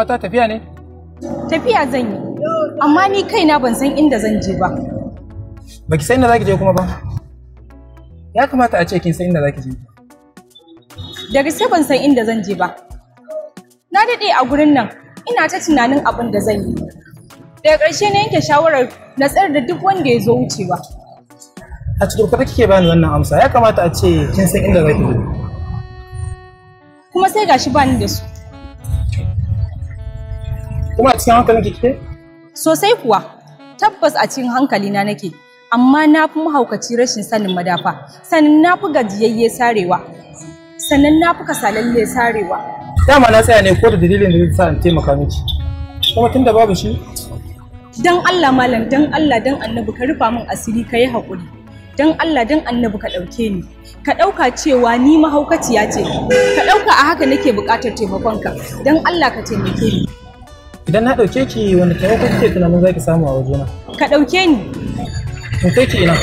ta tafiya ne? Tafiya zan yi. Amma ni kaina ban san inda zan je ba. Baki san inda zaki je kuma ba? Ya kamata a ce kin san inda zaki je. Da gaske ban san inda zan je ba. Na daɗe a gurin nan ina ta tunanin abin da zan yi. Daga ƙarshe na yanke shawarar na tsayar da duk wanda ya zo wucewa. A cikin kuɗa kike bani wannan amsa ya kamata a ce kin san inda zaki je. Kuma sai gashi ba ni da su. Kuma a cikin hankalin kike? Sosai kuwa. Tabbas a cikin hankali na, nake. Amma na fi mahaukaci rashin sanin madafa. Sannan na fi gajiyayye sarewa. Sannan na fi kasalalle sarewa. Dama na tsaya ne ko da dalilin da zai sa in taimaka miki. Kuma tun da babu shi? Dan Allah malam, dan Allah, dan annabi ka rufa min asiri ka yi haƙuri. Dan Allah, dan annabi ka ɗauke ni. ka ɗauka cewa ni mahaukaciya ce ka ɗauka a haka nake buƙatar taimakonka Dan allah ka taimake ni Idan na ɗauke ki wanda ko kike tunanin za ki samu a wajena? Ka ɗauke ni. In kai ki ina.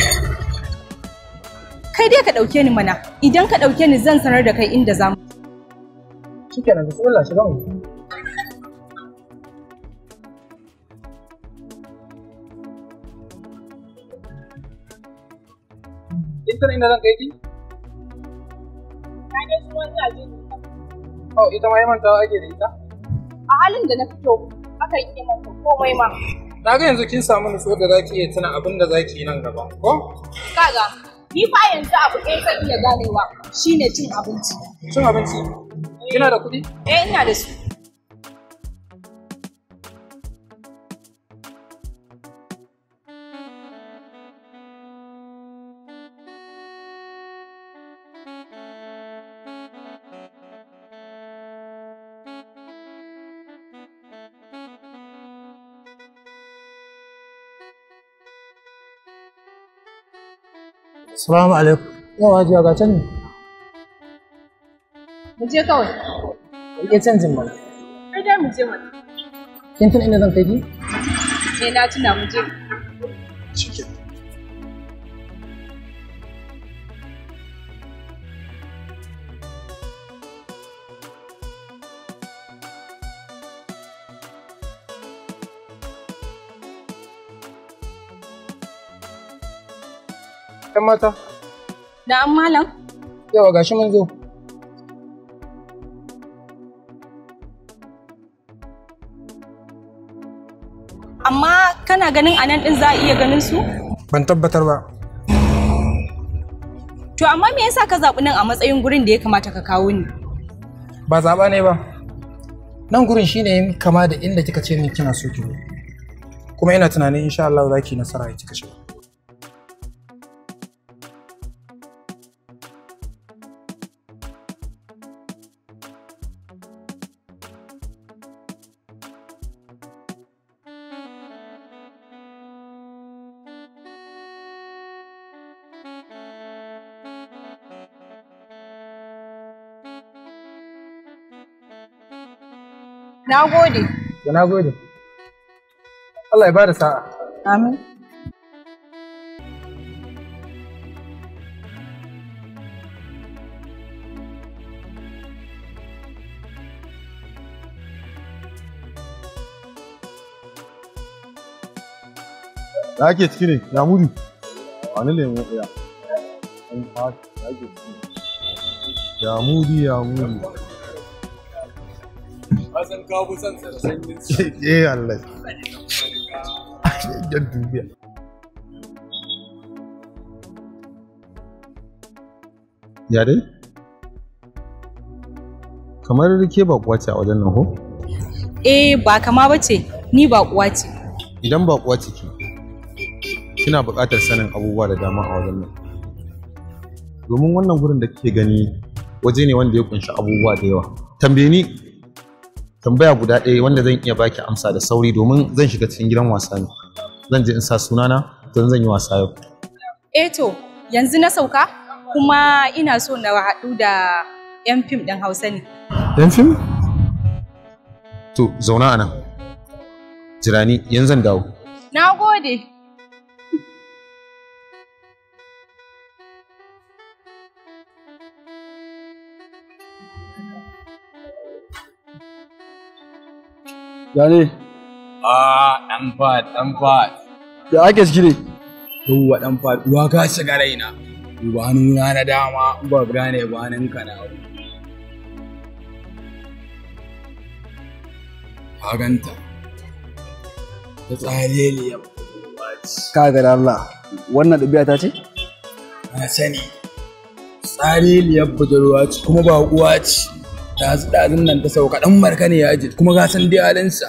Kai dai ka ɗauke ni mana, idan ka ɗauke ni zan sanar da kai inda za mu. Shi kenan, bismillah shiga mu. Ita inda zan kai ki? Ka dai suwan jajin. Oh, ita ma yi mantawa ake da ita? a halin da na fito akan iya manta komai ma na ga yanzu kin samu nutsuwar da zaki iya tuna abin da zaki yi nan gaba ko kaga ni fa yanzu abu ɗaya zan iya ganewa shine cin abinci cin abinci kina da kuɗi eh ina da su Salamu alaikum. Yawa hajiya ga ne? Mu je kawai. Rike canjin mana. Kai da mu je mana. Kin tuna inda zan kai ki? Eh na tuna mu je. ‘yan mata? Da an malam? Yawa gashi mun zo. Amma kana ganin anan ɗin za a iya ganin su? Ban tabbatar ba. To amma me yasa ka zaɓi nan a matsayin gurin da ya kamata ka kawo ni? Ba zaɓa ne ba. Nan gurin shi ne kama da inda kika ce min kina so ki Kuma ina tunanin insha Allah za ki nasara ya kika shiga. Na gode. na gode. Allah ya bada sa'a. Amin. Da ake ciki ne, ya mudu. Wani ne mu ya. Ya mudu, ya mudu. Yare, eh, Ya dai? Kamar ke bakuwa ce a wajen nan ko? Eh ba kama ba ce, ni bakuwa ce. Idan bakuwa ce ki, kina buƙatar sanin abubuwa da dama a wajen nan. Domin wannan gurin da kike gani waje ne wanda ya kunshi abubuwa da yawa. Tambaye ni tambaya guda ɗaya wanda zan iya baki amsa da sauri domin zan shiga cikin gidan wasa ne zan je in sa sunana don zan yi wasa yau eto eh to yanzu na sauka kuma ina so na haɗu da yan fim ɗin hausa ne yan fim to zauna a nan jirani yanzu dawo na gode ya Ah, ɗan fat ɗan fat ya ake ciki ne yawwa ɗan fat uwa ka shiga raina uba nuna na dama ba gane ba nan ka na ka ganta ta tsare ne ya ka ga Allah wannan ɗabi'a ta ce na sani tsare ne ya kuma ba uwa ce ɗazu-ɗazun nan ta sauka ɗan marka ne ya ji kuma ga san dai halinsa.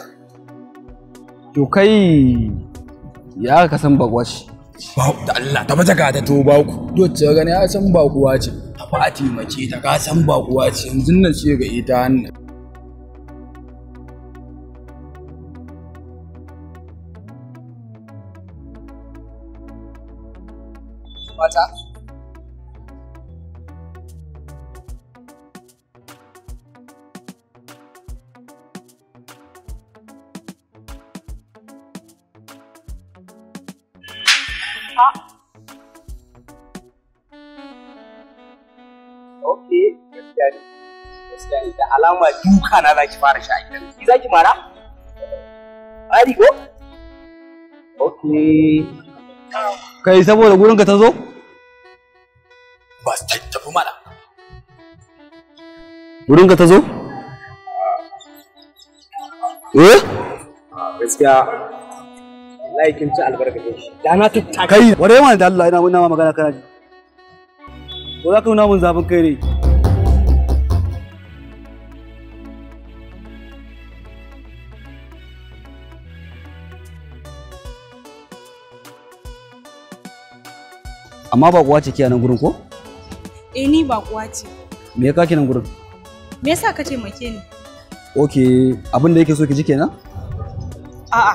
To kai ya ka san bagwaci. Da Allah ta mata ta to baku. Doce ga gani ya san bakuwa ce. Ta ba taimake ta ka san bakuwa ce yanzu nan ce ga ita hannu. Mata? alama duka na zaki fara shi a gidan ki zaki mara ari go okay kai saboda gurin ka ta zo ba tafi mana gurin ka ta zo eh gaskiya wallahi kin ci albarkacin shi da na tuttaka kai ware mana da Allah ina magana kana ji ko za ka nuna mun zafin kai ne amma ba kuwa ce ke nan gurin ko eh ni ba kuwa ce me ya kake nan gurin me yasa ka taimake ni okay abin da yake so ki ji kenan a'a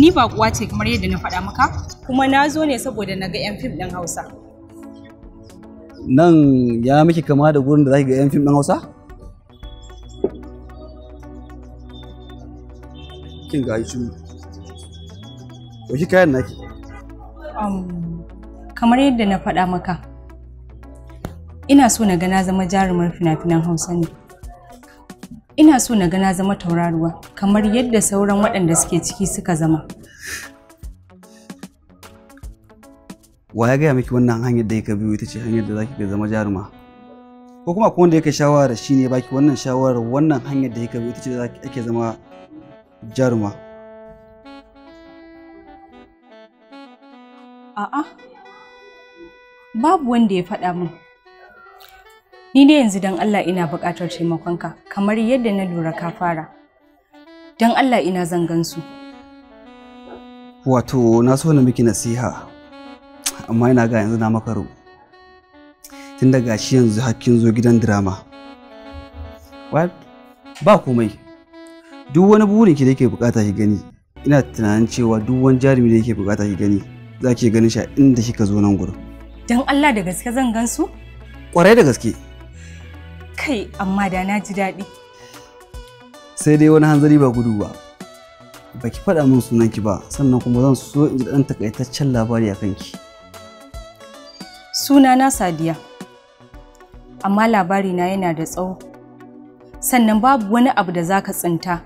ni ba kuwa ce kamar yadda na faɗa maka kuma na zo ne saboda na ga 'yan fim ɗin hausa nan ya miki kama da gurin da zaki ga 'yan fim ɗin hausa kin ga shi ɗauki kayan naki Um, kamar yadda na faɗa maka, ina so na gana zama jarumar fina-finan Hausa ne. Ina so na gana zama tauraruwa kamar yadda sauran waɗanda suke ciki suka zama. Wa ya gaya miki wannan hanyar da ka biyo ita ce hanyar da zaki zama jaruma? Ko kuma da wanda ka shawara shi ne baki wannan shawarar wannan hanyar da ka biyo ita ce ake zama jaruma? A'a, babu wanda ya faɗa min. Ni ne yanzu don Allah ina buƙatar taimakonka kamar yadda na lura ka fara. Don Allah ina zan gansu. Wato, na so na miki nasiha, amma ina ga yanzu na makaru. Tun daga shi yanzu hakkin zo gidan drama. Ba komai, duk wani burin ki da yake bukata ki gani, ina tunanin cewa duk wani jarumi da yake bukata ki gani. za ki ganin shi a inda kika zo nan gurin. Don Allah da gaske zan gan su? Kwarai da gaske. Kai amma da na ji daɗi. Sai dai wani hanzari ba gudu ba. ba ki faɗa min sunan ki ba sannan kuma zan so in ji ɗan takaitaccen labari a kanki. Sunana Sadiya. Amma labari na yana da tsawo. Sannan babu wani abu da zaka tsinta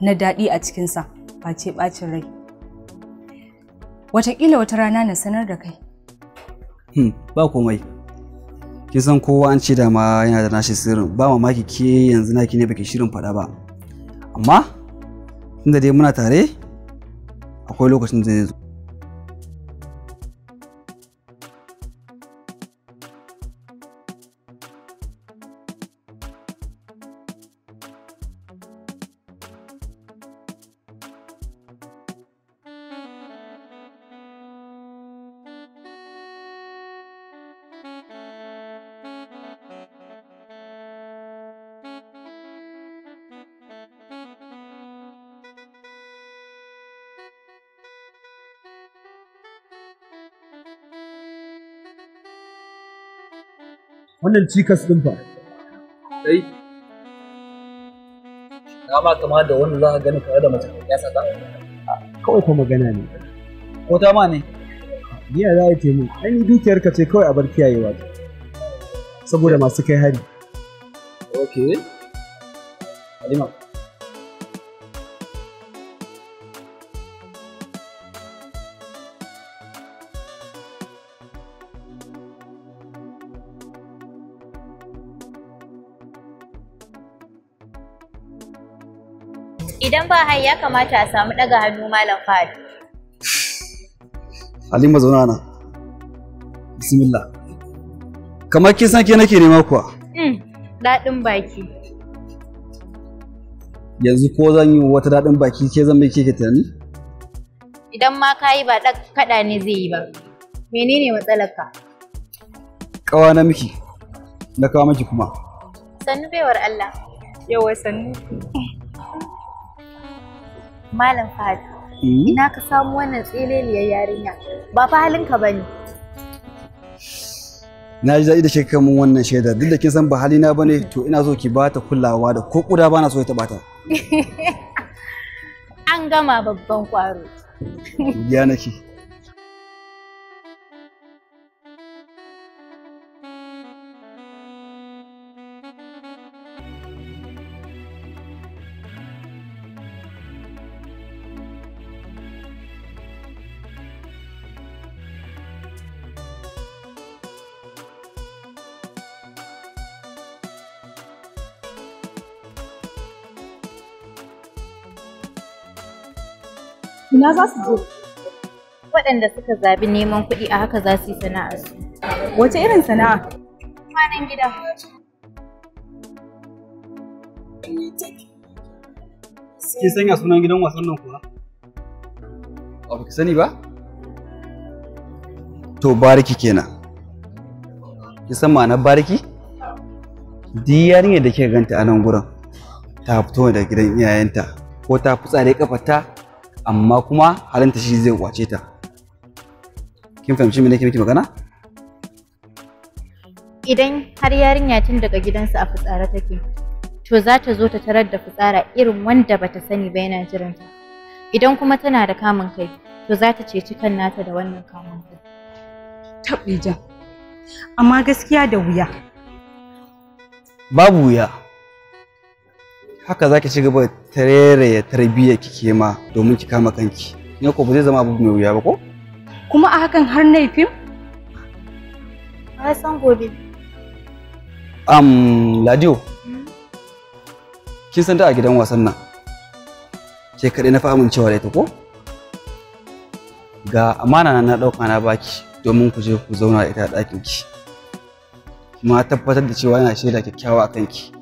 na daɗi a cikinsa face ɓacin rai. Wataƙila wata rana na sanar da kai. Hmm, ba komai. Kin san kowa an ce da ma yana da nashi sirrin ba mamaki ke yanzu ki ne baki shirin faɗa ba. Amma tunda dai muna tare akwai lokacin da zai zo. wannan cikas ɗin fa dai na ba kama da wannan za ka gani tare da mace ya saka kawai kuma magana ne ko ta ma ne ni za a ce min an yi dukiyar ka ce kawai a bar kiyayewa saboda masu kai hari ok Halima. idan ba ya kamata a samu daga hannu malam Fahad. Halima zauna na. Bismillah. Kamar kin san ke nake nema kuwa? Mm, daɗin baki. Yanzu ko zan yi wata daɗin baki ke zan mai keke tunani? Idan ma ka yi ba ɗan kaɗa ne zai yi ba. Menene matsalarka? Ƙawa na miki, na kawo miki kuma. Sannu baiwar Allah. Yawa sannu. Malam Fahad. Eh? Ina ka samu wannan tsileliyar yarinya ba fa halinka bane. Na ji daɗi da shi mun wannan shaida duk da kin san ba halina bane to ina so ki bata kulawa da ko kuda bana so ya taɓa ta. An gama babban kwaro. Ya nake. ina za su je? Waɗanda suka zabi neman kuɗi a haka za su yi sana'a su. Wace irin sana'a? Kwanan gida. Kin sanya sunan gidan wasan nan kuwa? Ba ki sani ba? To bariki kenan. Ki san ma'anar bariki? Duk yarinyar da kika ganta a nan gurin ta fito da gidan iyayenta ko ta fitsare kafarta amma kuma halinta shi zai kwace ta kin fahimci me nake miki magana idan har yarinya tun daga gidansa a fitsara take to za ta zo ta tarar da fitsara irin wanda bata sani ba yana jiran ta idan kuma tana da kamun kai to za ta ceci kan nata da wannan kamun kai tabbija amma gaskiya da wuya babu wuya haka zaki ci gaba tareraya tarbiyya kike ma domin ki kama kanki ne ko ba zai zama abu mai wuya ba ko kuma a hakan har na fim san gobe am ladio hmm? kin san ta a gidan wasan nan ke kaɗai na fahimin amincewa da ita ko ga amana na ɗauka na baki domin ku je ku zauna ita a ɗakin ki kuma tabbatar da cewa yana shaida kyakkyawa a kanki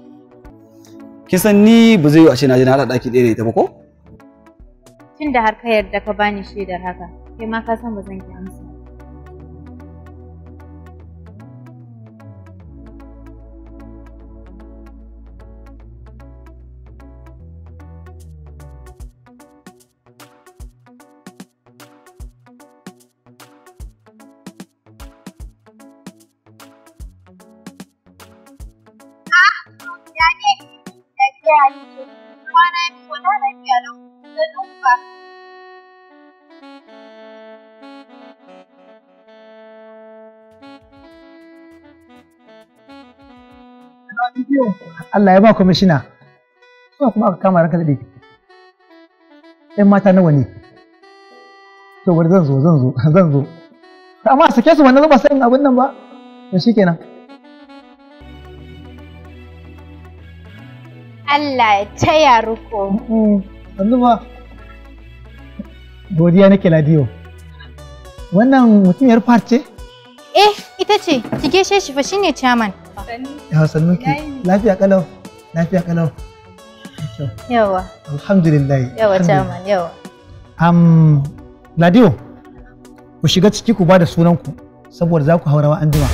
kin san ni ba zai yi a ce na je na haɗa ɗaki ɗaya da ita ba ko? Tun da har ka yarda ka bani shaidar haka, kai ma ka san ba zan ki amsa. rayu kwana biyu wata lafiya lau da nufa. Allah ya ba kwamishina, suna kuma aka kama ranka daɗe. ‘Yan mata nawa ne, to wani zan zo, zan zo, zan zo. Amma sake su wannan zuba sayin abin nan ba, to shi kenan. Allah ya taya ruko. Mm. Yanzu ba godiya nake ladiyo. Wannan mutum yar far ce? Eh, ita ce, ki gaishe shi fa shine chairman. Yawa sannu ki. Lafiya kalau. Lafiya kalau. Yawa. Alhamdulillah. Yawa chairman, yawa. Am Ladiyo, ku shiga ciki ku ba da sunanku saboda za ku haura wa anjima.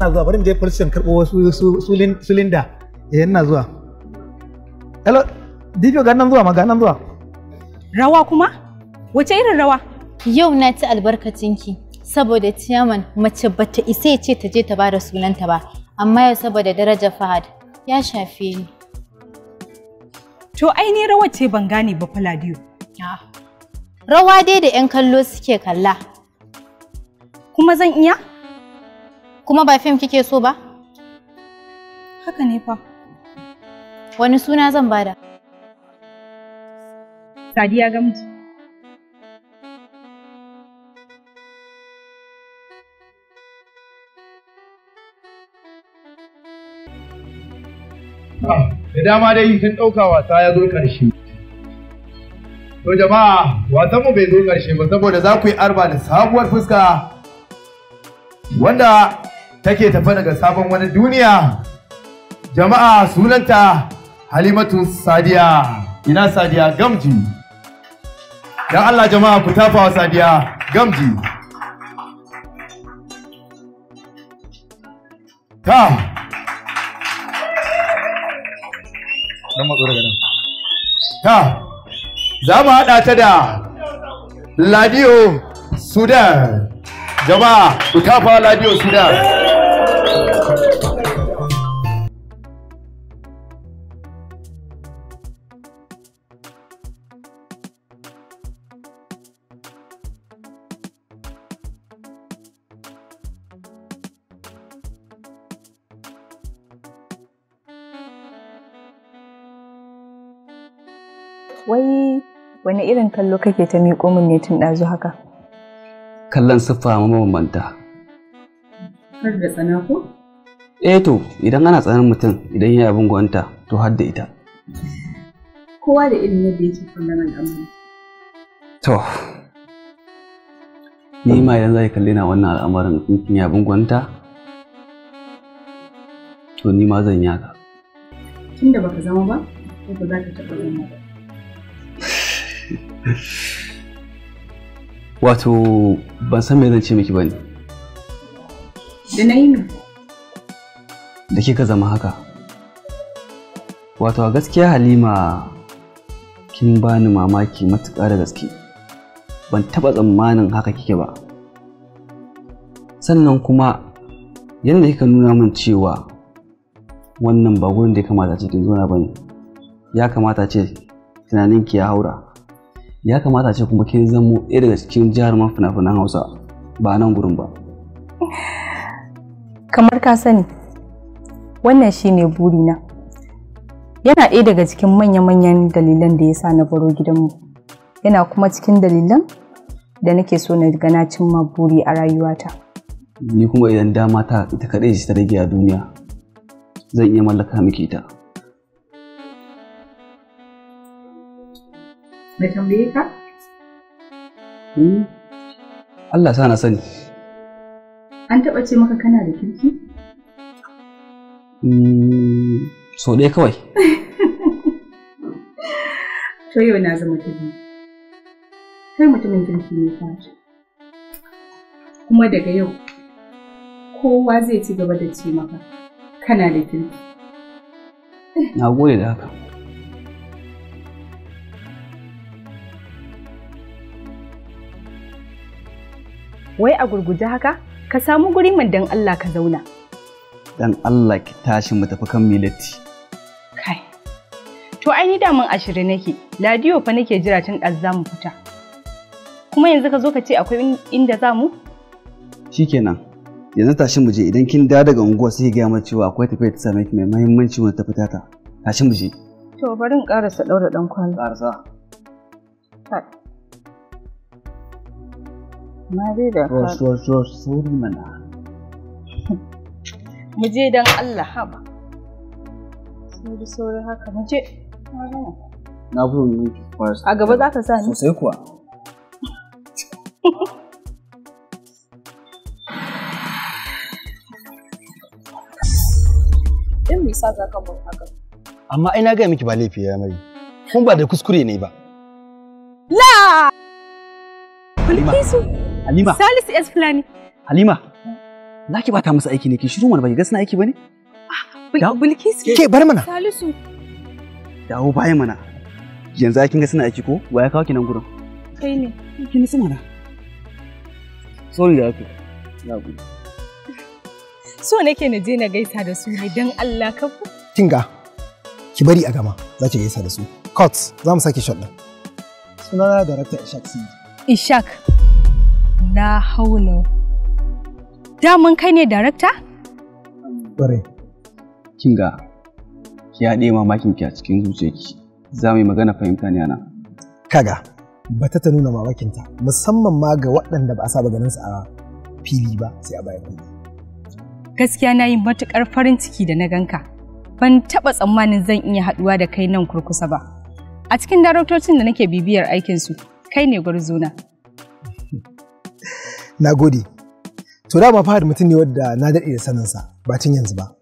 ina zuwa bari mu je police karɓo wasu sulinda. linda eh, zuwa hello dibio ga nan zuwa ma ga nan zuwa rawa kuma wace irin rawa yau na ci albarkacinki saboda ciyaman mace bata isa ya ce ta je ta bada sunanta ba amma yau saboda daraja fahad ya shafe ni to ai ni rawa ce ban gane ba faladiyo ah, rawa dai da 'yan kallo suke kalla kuma zan iya Kuma ba fim kike so ba? Haka ne fa. Wani suna zan bada? Sadiya Gamji. Ah, da dama dai sun ɗauka wasa ya zo ƙarshe. To jama'a wasanmu bai zo ƙarshe ba saboda za ku yi arba da sabuwar fuska wanda take tafi daga sabon wani duniya jama'a sunanta halimatu sadiya ina sadiya gamji don allah jama'a ku tafawa sadiya gamji ta ta za mu haɗa ta da ladiyo sudan jama'a ku tafawa ladiyo sudan wani irin kallo kake ta miƙo min ne tun ɗazu haka? Kallon siffa mabambanta. Har da tsana ko? Eh to, idan ana tsanan mutum idan ya abin gwanta to har da ita. Kowa da irin yadda yake kallon al'amari. To, ni ma idan zai kalli na wannan al'amarin mutum ya abin gwanta to ni ma zan yaka. Tunda baka zama ba, ko ba za ka taɓa zama ba. wato ban san me zan ce miki bane da na yi ne da kika zama haka wato a gaskiya halima kin bani mamaki matuƙa da gaske ban taɓa tsammanin haka kike ba sannan kuma yadda kika nuna min cewa wannan ba gurin da ya kamata ce kin na bane ya kamata ce tunaninki ya haura ya kamata ce kuma kin zamo ɗaya daga cikin ma fina-finan hausa ba nan gurin ba kamar ka sani wannan shi ne burina yana ɗaya daga cikin manya-manyan dalilan da ya sa na baro gidanmu yana kuma cikin dalilan da nake so na gana na cimma buri a rayuwata ni kuma idan dama ta ita kaɗai ta rage a duniya zan iya mallaka miki ita na tambaye ka? Hmm? Allah sa na sani. An taɓa ce maka kana da kirki? Hmm, so ɗaya kawai. To yau na zama ta Kai mutumin kirki ne fata. Kuma daga yau, kowa zai ci gaba da ce maka kana da kirki. Na gode da haka. wai a gurguje haka ka samu guri mai dan Allah ka zauna dan Allah ki tashi mu tafi kan milati kai to ai ni da mun ashirin nake ladiyo fa nake jira tun za mu fita kuma yanzu ka zo ka ce akwai inda za mu shikenan yanzu tashi mu je idan kin da daga unguwa sai ki gaya cewa akwai tafiya ta same ki mai muhimmanci wanda ta tata. tashi mu je to bari in karasa daura dan kwano karasa na dai da rush rush sauri mana mu je dan Allah haba sauri sauri haka mu je na fi yi first a gaba za ka sa ni sosai kuwa Dan me yasa za ka mun haka amma ina ga miki ba laifi ya mai kuma ba da kuskure ne ba la Bilkisu. Halima. Salisu S Fulani. Halima. Na ki bata masa aiki ne ki shiru wani bai ga suna aiki bane? Bilkis ke bar mana. Salisu. Dawo baya mana. Yanzu kin ga suna aiki ko? Wa ya kawo ki nan gurin? Kai ne. Ki nisa mana. Sorry da haka. Na gode. So nake na je na gaisa da su ne don Allah ka ku. Kinga. Ki bari a gama za ki gaisa da su. Court za mu sake shot din. Sunana Director Ishak Ishak. Ishak. la haula. Damun kai ne darakta? Ƙwarai. Kinga, ki haɗe mamakin ki a cikin zuciyarki. Za mu yi magana fahimta ne ana. Kaga, ba ta ta nuna mamakinta musamman ma ga waɗanda ba a saba ganin su a fili ba sai a bayan fili. Gaskiya na yi matuƙar farin ciki da na ganka. Ban taɓa tsammanin zan iya haɗuwa da kai nan kurkusa ba. A cikin daraktocin da nake bibiyar aikinsu, kai ne gwarzona. na gode to da ba fahad mutum ne wadda na daɗe da saninsa ba tun yanzu ba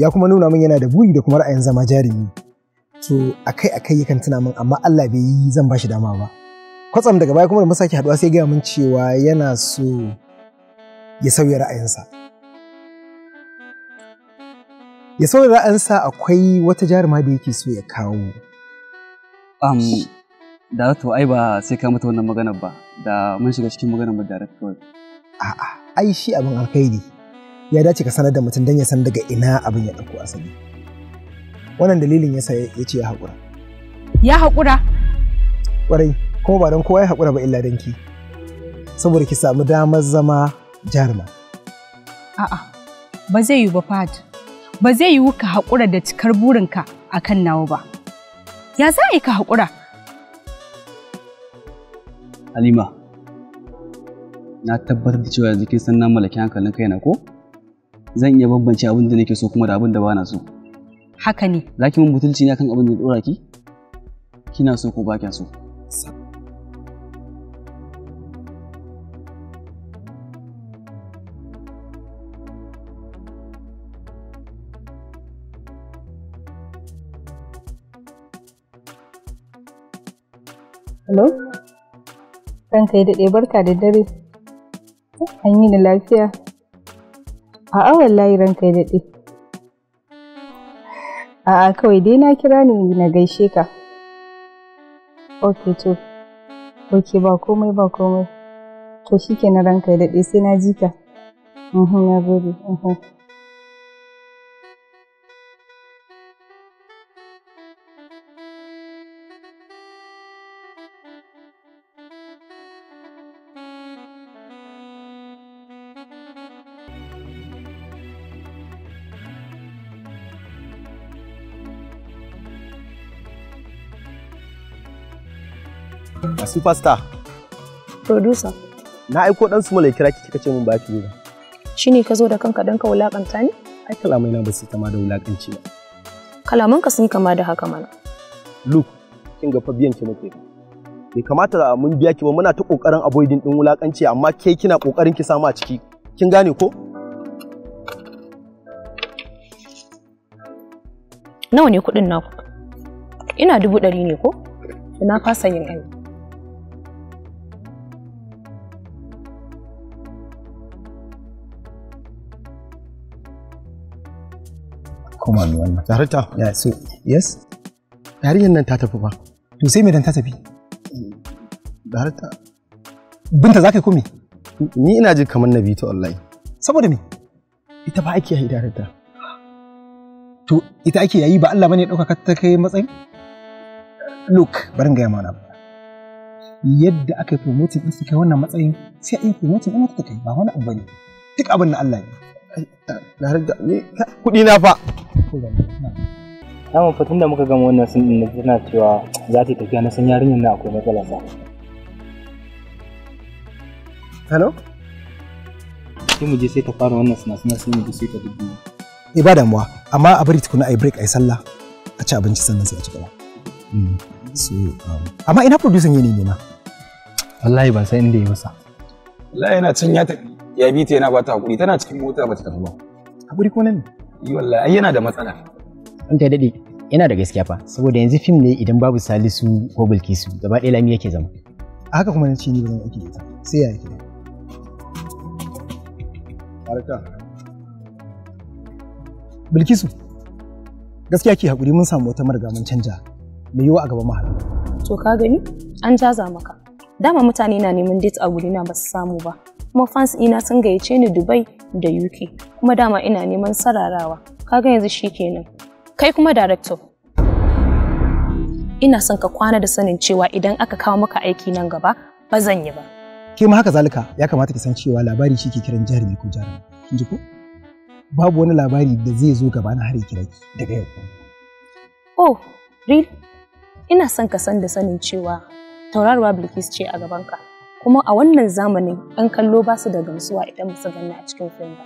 ya kuma nuna min yana da buri da kuma ra'ayin zama jarumi to akai akai yakan tuna min amma Allah bai yi zan bashi dama ba kwatsam daga baya kuma da musaki haduwa sai gaya min cewa yana so ya sauya ra'ayinsa ya sauya ra'ayinsa akwai wata jaruma da yake so ya kawo um, da ai ba sai ka mata wannan maganar ba da mun shiga cikin maganar mu direct a'a ai shi abin alkhairi ya dace ka sanar da mutum don ya san daga ina abin ya ɗauko asali wannan dalilin sa ya ce ya haƙura ya haƙura ƙwarai kuma ba don kowa ya haƙura ba illa don ki saboda ki samu damar zama jaruma a'a ba zai yiwu ba ba zai yiwu ka haƙura da cikar burinka a kan nawa ba ya za a yi ka haƙura Halima, na tabbatar da cewa yanzu kin san na mallaki hankalin kaina ko zan iya bambance abin da nake so kuma da abin da bana so haka ne za ki min butulci ne kan abin da dora ki kina so ko ba kya so Hello? Ranka yi daɗe barka da dare. an yi ni lafiya a'a wallahi ranka ya daɗe a'a kawai dai na kira ni na gaishe ka ok to ok ba komai ba komai to shi ke na ranka daɗe sai na ji ka mhm, na gode mhm. A superstar. Producer. Na aiko dan su malai kira ki kika ce mun ba ki ne Shine ka zo da kanka dan ka wulakanta ni? Ai kalamai na ba su kama da wulakanci ba. Kalaman ka sun kama da haka mana. Look, kin ga fa biyan ki muke. Bai kamata mun biya ki ba muna ta kokarin avoiding din wulakanci amma ke kina kokarin ki samu a ciki. Kin gane ko? Nawa ne kuɗin naku? Ina dubu ɗari ne ko? Na fasa yin aiki. koma mai wannan zaharta ya so yes yarinyar nan ta tafi ba to sai me dan ta tafi zaharta binta za ka yi komi ni ina ji kamar na biyu ta wallahi saboda me ita ba ake yi zaharta to ita ake yayi ba Allah bane dauka ta kai matsayin look barin gaya mana yadda aka yi promoting ɗin su kai wannan matsayin sai a yi promoting ɗin ta kai ba wani abu bane duk abin da Allah ne na riga ni kuɗi na fa Samun fatan da muka gama wannan sun din tana cewa za ta tafiya na san yarinyar na akwai matsala sa. Hello? Sai mu je sai ta fara wannan suna suna sai mu je sai ta dubu. Eh ba damuwa amma a bari tukuna ai break ai sallah a ci abinci sannan sai a ci gaba. Hmm. Um, amma ina producing yini ne ma? Wallahi ban san inda ya masa. Wallahi yana can ya tafi. ya bi ta yana ba ta hakuri tana cikin mota ba ta tafi ba hakuri ko nan yi wallahi ai yana da matsala an ta dade yana da gaskiya fa saboda yanzu fim ne idan babu salisu ko bilkisu gaba ɗaya lami yake zama a haka kuma na ce ni ba zan aiki da ita sai ya yake harka bilkisu gaskiya ke hakuri mun samu wata marga mun canja mai yiwa a gaban mahal to ka gani an jaza maka dama mutane na neman date a gurina ba su samu ba kuma fans ina sun gayyace ni Dubai da UK kuma dama ina neman sararawa kaga yanzu shikenan kai kuma director ina son ka kwana da sanin cewa idan aka kawo maka aiki nan gaba ba zan yi ba ke ma haka zalika ya kamata ki san cewa labari shi ke kiran jarumi ko jarumi kin ji ko babu wani labari da zai zo gaba na har ya kira daga yau oh really ina son ka san da sanin cewa tauraruwa Bilkis ce a gaban ka? kuma a wannan zamanin ɗan kallo ba su da gamsuwa idan ba su ganni a cikin fim ba.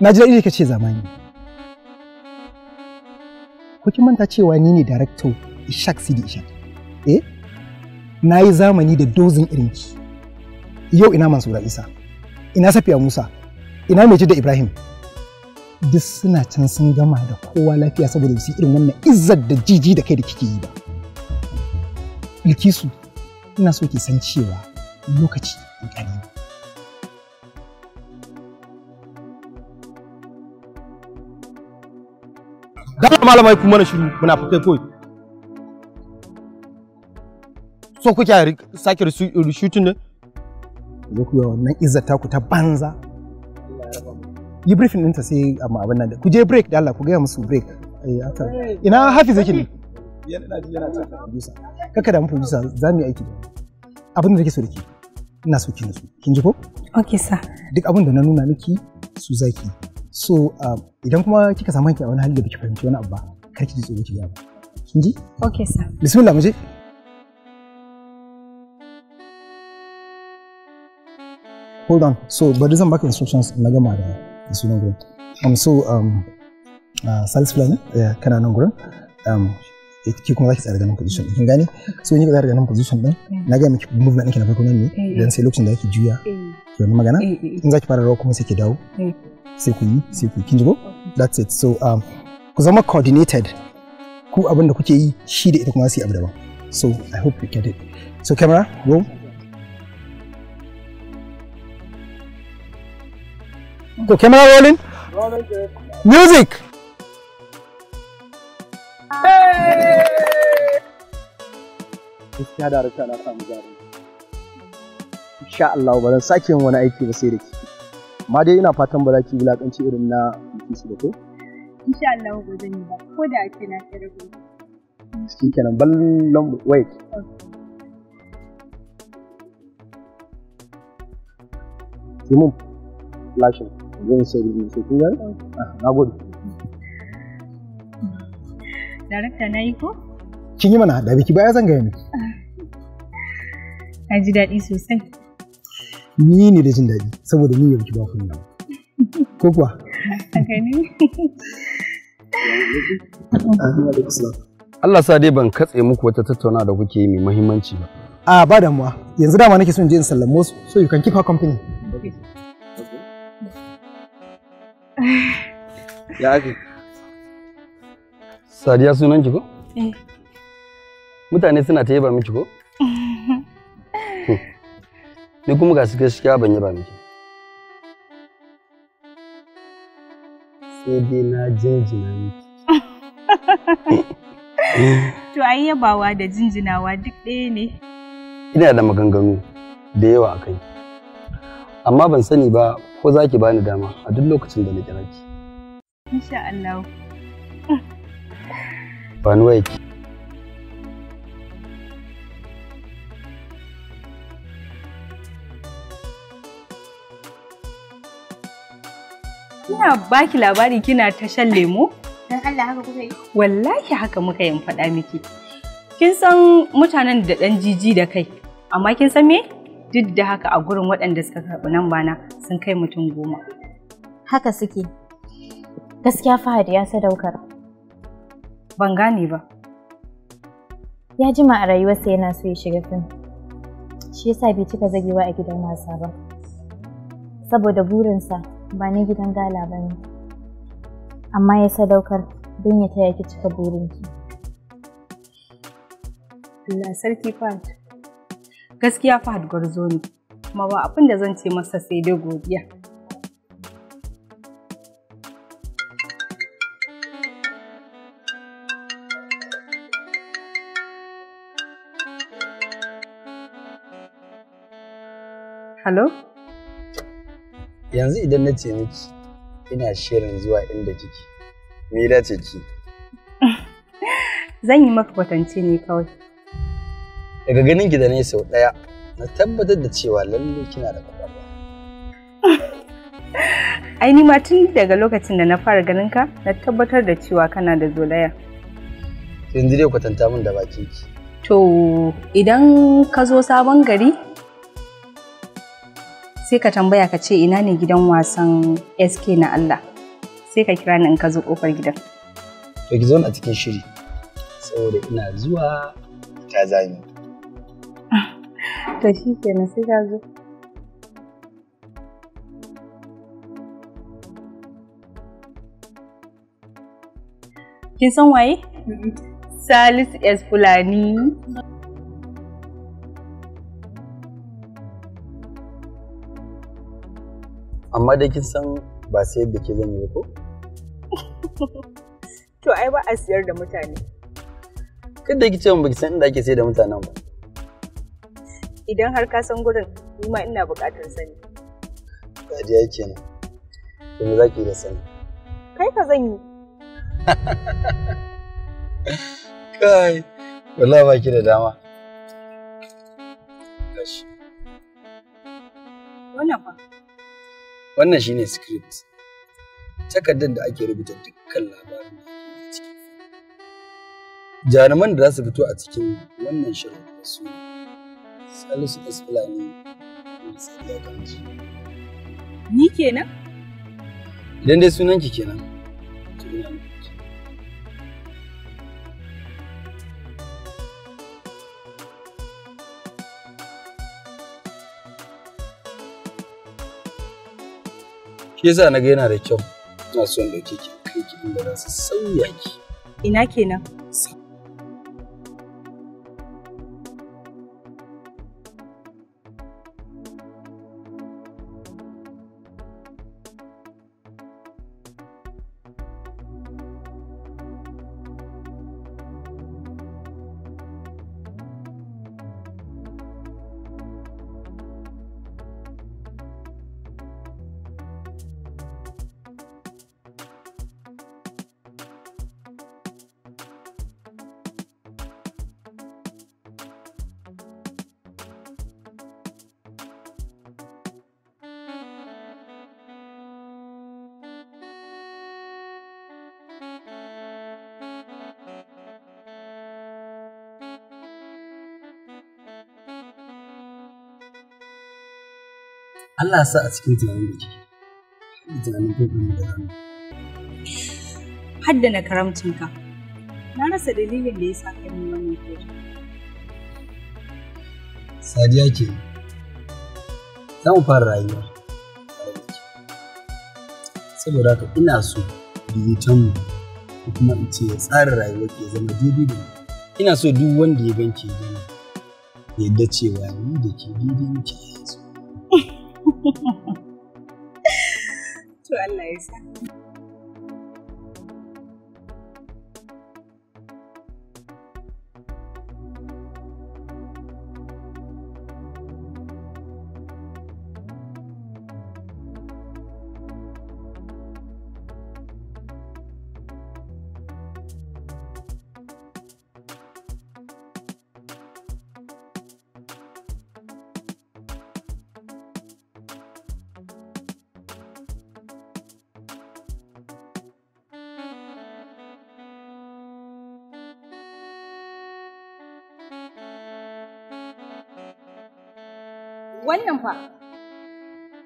Na ji daɗi ka ce zamani. Kuki manta cewa ni ne darakto Ishak Sidi Ishak. Eh? Na yi zamani da dozin irin ki. Yau ina Mansura Isa. Ina Safiya Musa. Ina Meji da Ibrahim. Duk suna can sun gama da kowa lafiya saboda su irin wannan izzar da jiji da kai da kike yi ba. ilkisu ina so ki san cewa lokaci in ƙari Dala malamai kuma na shiru muna fitai kawai. So kuke sake rishutun ne? Zo ku yawan nan izata ku ta banza. Yi briefing ɗinta sai amma abin nan da. Ku je break da Allah ku gaya musu break. Eh, ina hafi zaki ne? yana da yana ta kaka da mu producer za mu yi aiki abin da nake so da ke ina so ki nutsu kin ji ko okay sir duk abin da na nuna miki su zaki so ah, idan kuma kika samu kanki a wani hali da biki fahimci wani abu ba kar ki ji tsoro ki ga kin ji okay sir bismillah mu je hold on so bari zan baka instructions na gama da sunan gurin um so um uh, sales plan eh, kana nan gurin um ki kuma zaki tsara ganin position din kin gane so ni ba tsara ganin position din na ga miki movement ɗinki na farko nan ne eh, eh. dan sai lokacin da zaki juya to eh. wani magana in zaki fara rawa kuma sai ki dawo sai ku yi sai ku kin ji that's it so um, ku zama coordinated ku abin da kuke yi shi da ita kuma sai abu daban so i hope you get it so camera go mm. Go, camera rolling. Rolling. Music. Gaskiya da rika na samu jarin. Insha Allah ba zan sake yin wani aiki ba sai da ke. Ma dai ina fatan ba za ki wulakanci irin na bikinsu da ko? Insha Allah ba zan yi ba ko da ake na tsere gobe. Shi kenan ballon wait. Timon, lashin, zan sai da bikinsu kun gani? Ah, na gode. Darakta na yi ko? Kin yi mana haɗa biki baya zan gaya miki. Ka ji daɗi sosai. Ni ne da jin daɗi saboda ni ya biki ba kunya. Ko kuwa? Haka ne. Allah sa dai ban katse muku wata tattauna da kuke yi mai muhimmanci ba. A ba damuwa yanzu dama nake son je in sallamo su so you can keep her company. Ya ake Sadiya sunan ki ko? Eh. Mutane suna ta yaba miki ko? Ni kuma ga su gaskiya ban yaba miki. Sai dai na jinjina miki. To ai yabawa da jinjinawa duk ɗaya ne. Ina da maganganu da yawa a kai. Amma ban sani ba ko za ki bani dama a duk lokacin da na kira ki. Insha Allah. ba ni baki labari kina ta shan lemo? Dan Allah haka kuka yi. Wallahi haka muka yin faɗa miki. Kin san mutanen da ɗan jiji da kai, amma kin san me? Duk da haka a gurin waɗanda suka karɓi nan bana sun kai mutum goma. Haka suke. Gaskiya Fahad ya sadaukar. Ban gane ba. Ya jima a rayuwarsa yana so ya shiga fim. Shi yasa bai cika zagewa a gidan wasa ba. Saboda burinsa ba ne gidan gala ba ne. Amma ya sadaukar don ya taya ki cika burinki. Allah sarki Fahad. Gaskiya Fahad gwarzo ne. Kuma ba abin da zan ce masa sai dai godiya. Hello? Yanzu idan na ce miki ina shirin zuwa inda kike. Me dace ki? Zan yi maka kwatance ne kawai. Daga ganin ki da ne sau ɗaya na tabbatar da cewa lalle kina da kwakwalwa. Ai ni ma tun daga lokacin da na fara ganin ka na tabbatar da cewa kana da zolaya. Yanzu dai kwatanta min da bakin ki. To idan ka zo sabon gari sai ka tambaya ka ce ina ne gidan wasan sk na Allah sai ka kira ni in ka zo kofar gidan to ki zauna a cikin shiri saboda ina zuwa ta zami to shi kenan sai ka zo kin san waye Salis S Fulani amma dai kin san ba sai yadda ke zan yi ko to ai ba a siyar da mutane kada ki ce mun baki san inda ake sayar da mutanen ba idan har ka san gurin ni ma ina buƙatar sani ke nan kuma za ki da sani kai ka zan yi kai wallahi ba ki da dama Wannan shine script. Takardar da ake rubuta dukkan labarin da ke ciki. Jaruman da za su fito a cikin wannan shirin su Salisu da Fulani da Ni kenan? Idan dai sunanki kenan. shi yasa na ga yana da kyau ina son in dauke kai ki inda za su sauya ki ina kenan Allah sa a cikin tunanin da ke tunanin program da zama. hadda na karamcinka na rasa dalilin da ya sa ka yi wannan program sadiya ke za mu fara rayuwa saboda haka ina so mu ko kuma in ce tsarin rayuwa ke zama daidai da ina so duk wanda ya ganke gani yadda cewa ni da ke daidai muke yanzu to Allah ya sa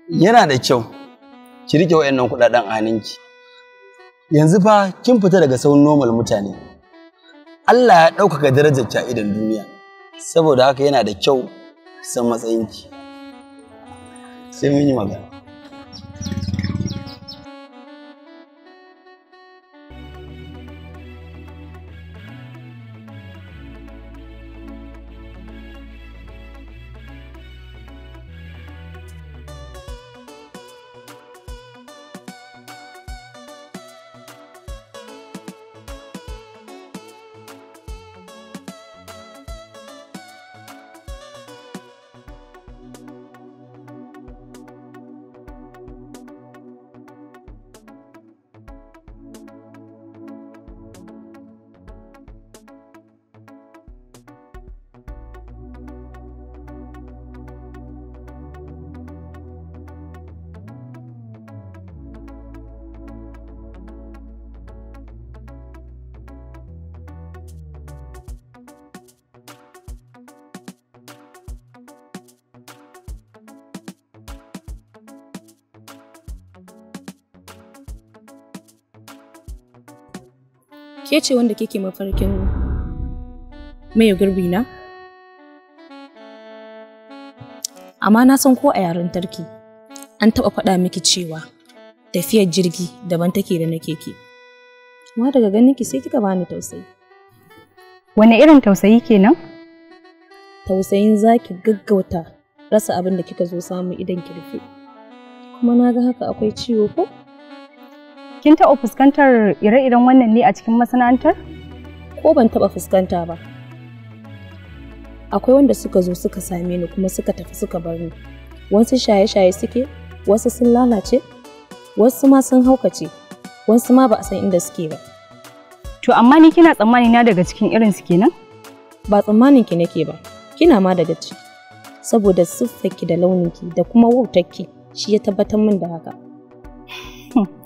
yana da kyau ki rike wayannan kuɗaɗen a hannunki yanzu fa kin fita daga saun normal mutane Allah ya ɗaukaka darajar ki a idan duniya saboda haka yana da kyau san matsayinki sai mun magana ke ce wanda kike mafarkin mai gurbi na? Amma na san ko a yaren tarki an taɓa faɗa miki cewa tafiyar jirgi daban take da na keke. Amma daga ganin ki sai kika bani tausayi. Wane irin tausayi kenan? Tausayin zaki gaggauta rasa abin da kika zo samu idan ki Kuma na ga haka akwai ciwo ko? Kin taɓa fuskantar ire-iren wannan ne a cikin masana'antar? Ko ban taɓa fuskanta ba. Akwai wanda suka zo suka same ni kuma suka tafi suka bar ni. Wasu shaye-shaye suke, wasu sun lalace, wasu ma sun haukace, wasu ma ba a san inda suke ba. To amma ni kina tsammani na daga cikin irin su kenan? Ba tsammanin ki nake ba, kina ma daga ciki. Saboda siffarki da launinki da kuma wautarki shi ya tabbatar min da haka.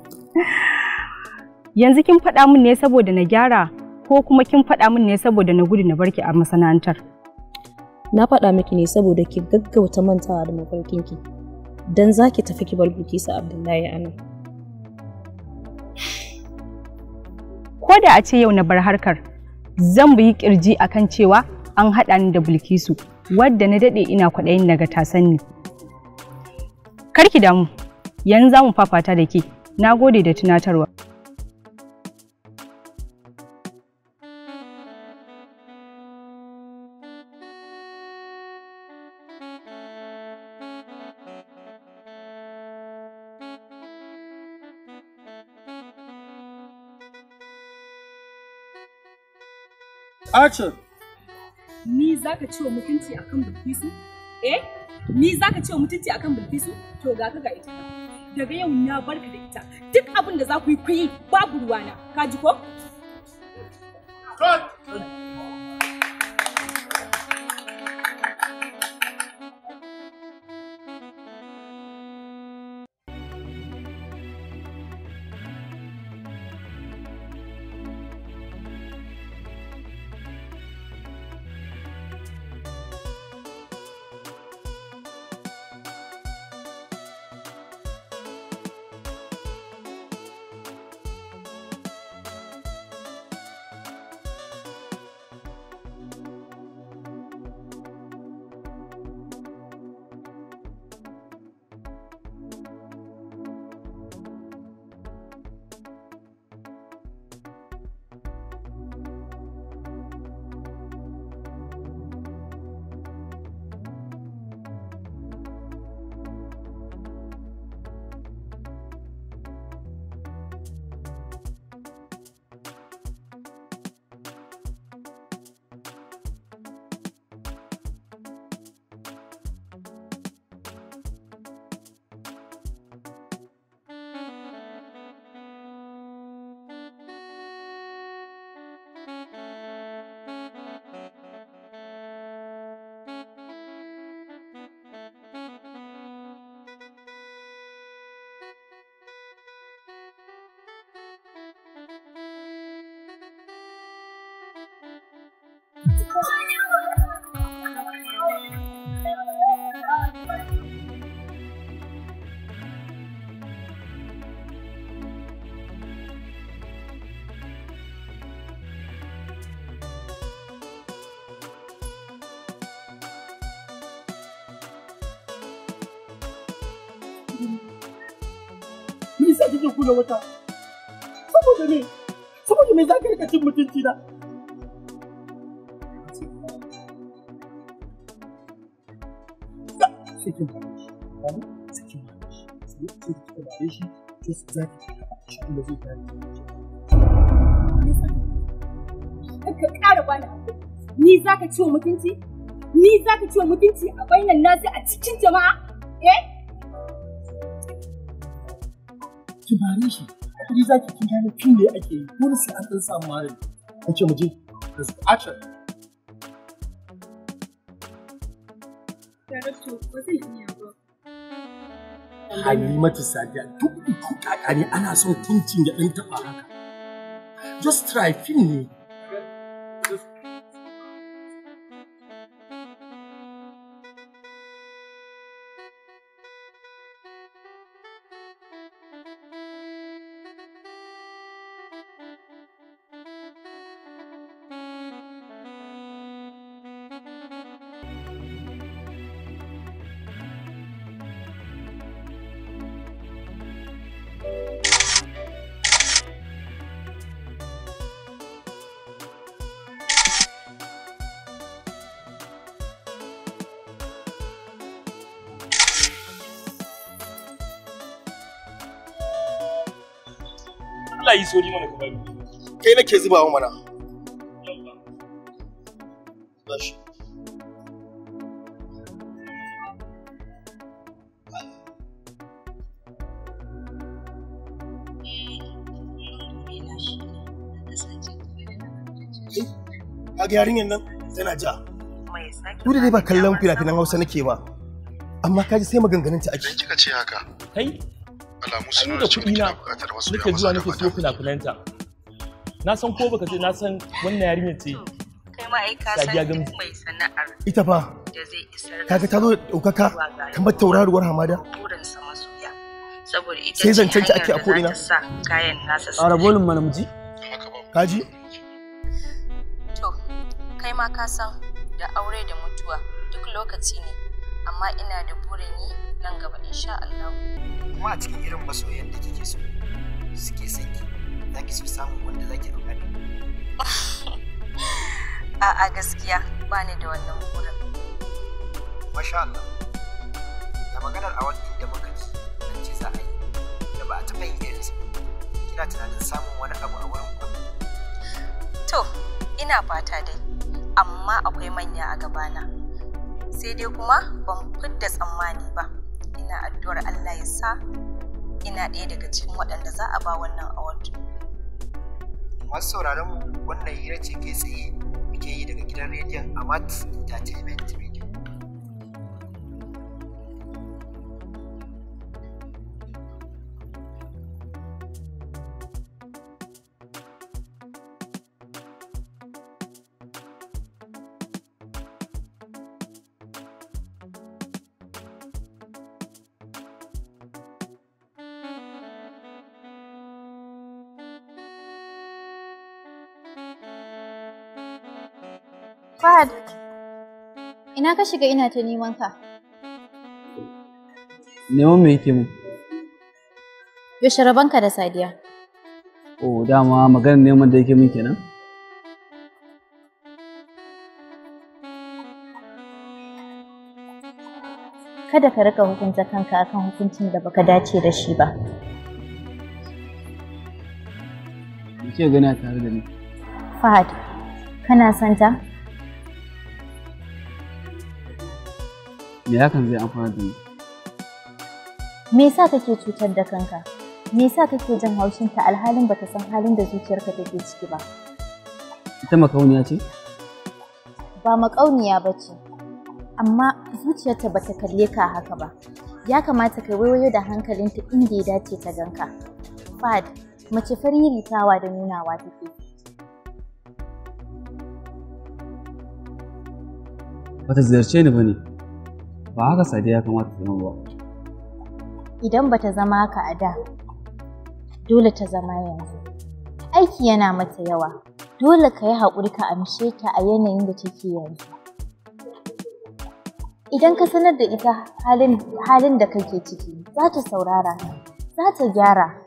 Yanzu kin faɗa min ne saboda na gyara ko kuma kin faɗa min ne saboda na gudu na barki a masana'antar? Na faɗa miki ne saboda ki gaggauta mantawa da ki, Dan za ki tafi ki bar Bilkisu Abdullahi Ana. Ko da a ce yau na bar harkar, zan bi kirji akan cewa an haɗa ni da Bilkisu, wadda na daɗe ina kwaɗayin daga tasanni Kar ki damu, yanzu za mu fafata da ke. Na gode da tunatarwa. Action! Ni za ka wa mutunci akan Bilkisu? Eh? Ni za ka wa mutunci akan Bilkisu? To ga ka ga ita. daga yau na barka da ita duk abin da za ku yi ku yi babu ruwana ka ji ko? Me yasa kike kula wata? Saboda me? Saboda me za ka rika cin mutunci na? za ka shi kuma zai gane ka ƙara kwana? ni za ka ciwo mutunci ni za ka ciwo mutunci a bainan nasu a cikin jama'a eh ki bari shi ni za ki kin gane fin ake yi dole sai an dan samu mare ka ce mu je ka action Halimatu Sadiya duk kuka ne ana son tuncin ya ɗan taɓa haka. Just try fim ne Allah yi sori mana ka bani kai nake zubawa mana Bashi. Kaga yarinyar nan tana ja. Duk da dai ba kallon fina-finan Hausa nake ba. Amma kaji sai maganganun ta ake. Kika ce haka. Kai? Alamu sun nuna cewa wasu nake zuwa nake so fina kulanta na san ko baka ce na san wannan yarinya ce kai ma ai ka san mai sana'ar ita fa da kaga ta zo da daukaka kamar tauraruwar hamada burin sa masoya saboda ita sai zan ta ake a ko ina kayan nasa sai arabolin malamji kaji to kai ma ka san da aure da mutuwa duk lokaci ne amma ina da burin yi nan gaba insha Allah kuma a cikin irin masoyan da kike so suke sanyi za ki fi samun wanda za ki bukata a'a gaskiya ba ni da wannan burin masha Allah ya maganar a wani da muka ji an ce za a yi da ba a taɓa yin irinsa kina tunanin samun wani abu a wurin ku to ina fata dai amma akwai manya a gabana sai dai kuma ban fidda tsammani ba ina addu'ar Allah ya sa kina ɗaya daga cikin waɗanda za a ba wannan award. Masu sauraron mu wannan hira ce kai tsaye muke yi daga gidan rediyon Amat Entertainment Ina ka shiga ina ta neman ka? Neman me yake mu? Yaushe ka da Sadiya? Oh, dama maganar neman da yake min kenan? Kada ka rika hukunta kanka akan hukuncin da baka dace da shi ba. Me ke gani tare da ni? Fahad, kana santa? me hakan zai amfana da ni me yasa kake cutar da kanka me yasa kake jin haushin ta alhalin bata san halin da zuciyarka take ciki ba ita makauniya ce ba makauniya ba ce amma zuciyarta bata kalle ka haka ba ya kamata ka waiwayo da hankalinta inda ya dace ta ganka fad mace farin ritawa da nunawa take bata ziyarce ni ba ne ba haka sadiya ya kamata ta zama ba idan bata zama ka a da dole ta zama yanzu aiki yana mata yawa dole ka yi haƙuri ka amshe ta a yanayin da take yanzu idan ka sanar da ita halin da kake ciki za ta saurara za ta gyara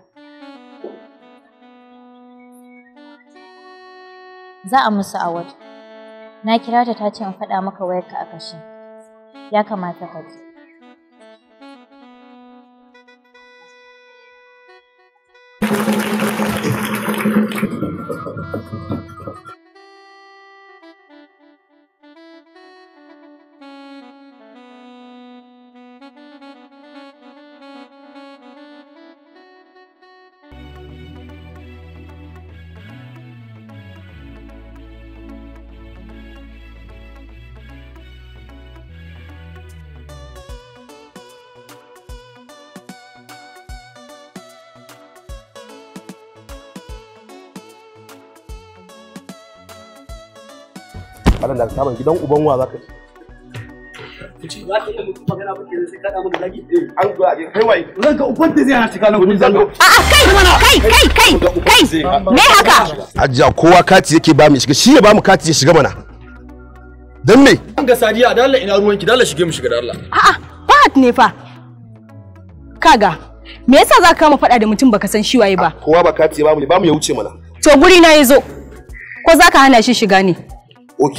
za a musu wata. na kira ta ta ce in faɗa maka wayarka a kashe ya kamata ka ji. yaran da ka gidan uban wa za ka iya mutum eh, kai wai kai kai kai kai me haka ajja kowa kati yake ba mu shiga shi ya ba mu kati ya shiga mana don me an ga sadiya da Allah ina ruwanki da Allah shige mu shiga da Allah a'a fahad ne fa kaga me yasa za ka kama faɗa da mutum baka san shi waye ba kowa ba kati ba mu ne, ba mu ya wuce mana to guri na zo, ko za ka hana shi shiga ne ok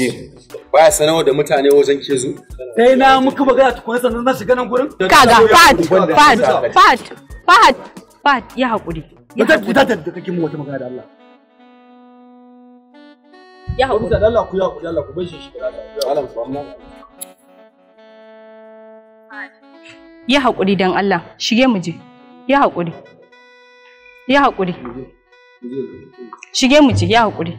baya sanarwa da mutane wajen ke zo sai na muka magana tukuna sannan na shiga nan gurin kaga fat fat fat fat fat ya hakuri ya hakuri da kake mu wata magana da Allah ya hakuri da Allah ku ya hakuri Allah ku shi Allah ya haƙuri dan Allah shige mu je ya hakuri ya hakuri shige mu je ya hakuri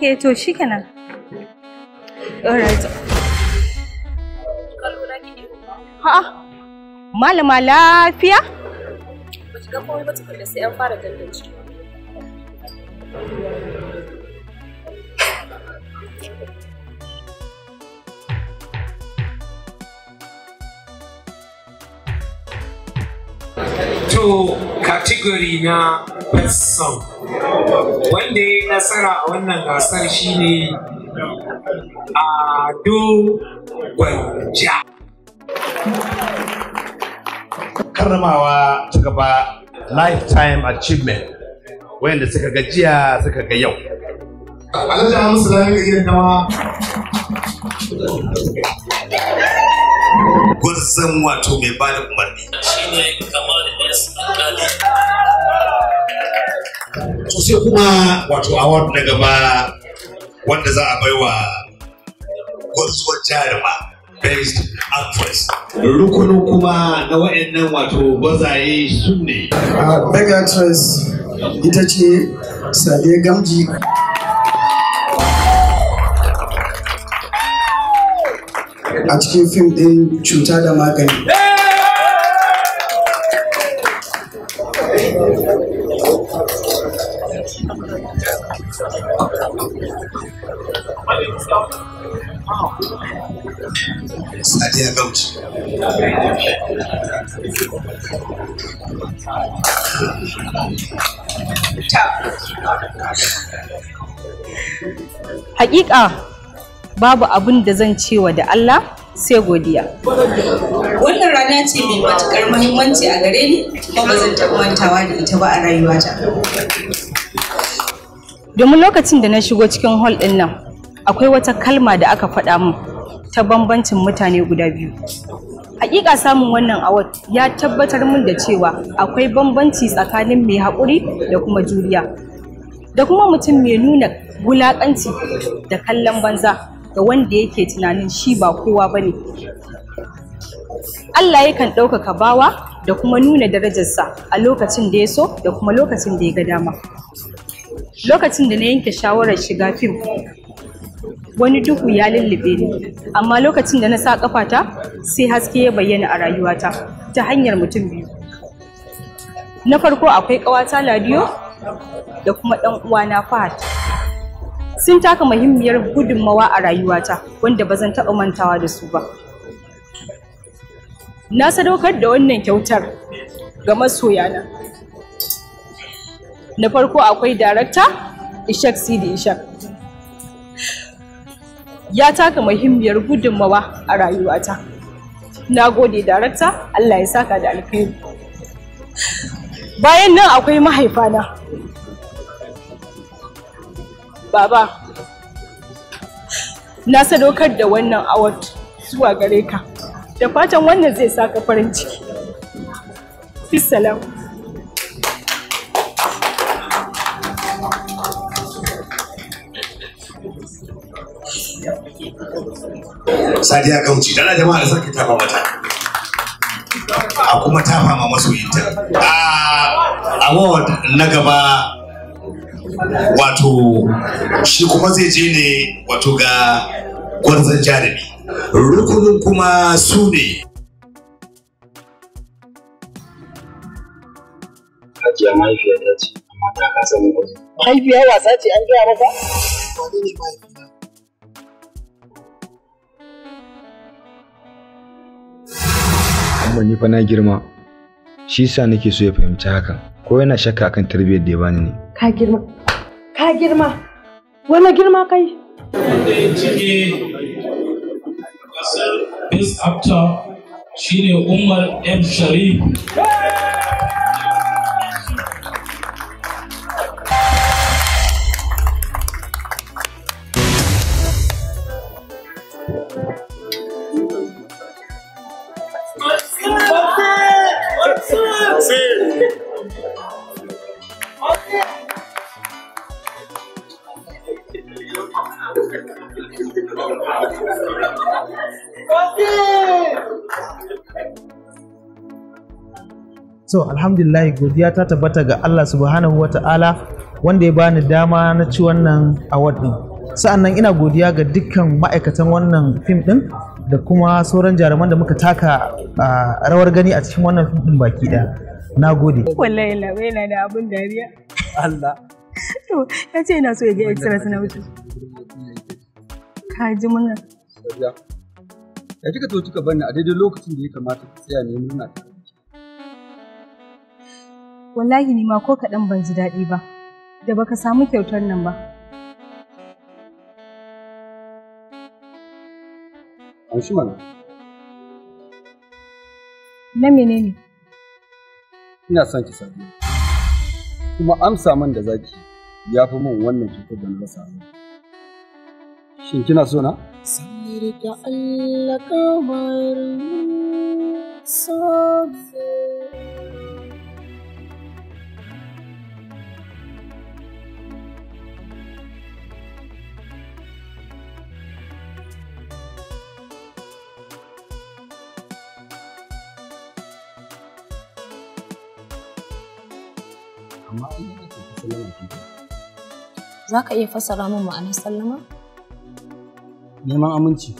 ke to shikenan alright ha malama lafiya ba ki ga komai ba tukun da sai an fara tantance to category na best song wanda ya nasara a wannan gasar shine ado gwanja karramawa ta gaba lifetime achievement wayanda suka gajiya suka ga yau alhaji amsu lami ga gidan dawa. gwarzan wato mai bada umarni shine kamar alƙali to sai kuma wato award na gaba wanda za a baiwa gwarzuwar jarima based actress rukunin kuma na wa'annan wato bazaye su ne big actress ita ce sale gamji a cikin fim ɗin cuta da magani Sadiya Hakika babu abin da zan wa da Allah sai godiya. Wannan rana ce mai matuƙar muhimmanci a gare ni kuma ba zan taɓa mantawa da ita ba a rayuwata. Domin lokacin da na shigo cikin hall ɗin nan, akwai wata kalma da aka faɗa min ta bambancin mutane guda biyu hakika samun wannan award ya tabbatar mun da cewa akwai bambanci tsakanin mai haƙuri da kuma juriya da kuma mutum mai nuna wulaƙanci da kallon banza ga wanda yake tunanin shi ba kowa ba ne Allah yakan ɗaukaka bawa da kuma nuna darajarsa a lokacin da ya so da kuma lokacin da ya ga dama lokacin da na yanke shawarar shiga fim wani duhu ya lullube ni amma lokacin da na sa kafata sai haske ya bayyana a rayuwata ta hanyar mutum biyu na farko akwai ƙawata ladiyo da kuma ɗan uwana fahad sun taka muhimmiyar gudunmawa a rayuwata wanda ba zan taɓa mantawa da su ba na sadaukar da wannan kyautar ga masoyana na farko akwai darakta ishak sidi ishak ya taka muhimmiyar gudunmawa a rayuwata. Na gode darakta Allah ya saka da alkhairi. Bayan nan akwai mahaifana. Baba, na sadaukar da wannan award zuwa gare ka. Da fatan wannan zai saka farin ciki. Fissalam. sadiya kauci dana jama'a da sarki tafa mata a kuma tafa ma masoyinta a award na gaba wato shi kuma zai je ne wato ga gwarzon jarumi rukunin kuma su ne Hajiya mahaifiya ta ce, amma ta kasa mu Mahaifiya wasa ce an gaya maka? Wani ne mahaifiya? kuma yi fa na girma shi sa nake so ya fahimci hakan ko yana shakka akan tarbiyyar da ya bani ne ka girma ka girma wani girma kai Best actor shine Umar M. Sharif. Sí. So alhamdulillah godiya ta tabbata ga Allah subhanahu wa ta'ala wanda ya bani dama na ci wannan award din. Sa'annan ina godiya ga dukkan ma'aikatan wannan fim din da kuma sauran jaruman da muka taka ah, rawar gani a cikin wannan fim din baki daya. na gode wallahi labai yana da abun dariya Allah to ya ce yana so ya ga extra na wuce ka ji muna ya kika to kika bani a daidai lokacin da ya kamata ka tsaya ne murna ta wallahi ni ma ko kaɗan ban ji daɗi ba da baka samu kyautar nan ba an shi mana na menene ina son ki sadiya kuma amsa man da zaki ya fi min wannan cutar da na rasa shin kina so na Sanir da Allah kamar sabbi amma in ba ka ta sallama ki za ka iya fassara min ma'anar sallama neman aminci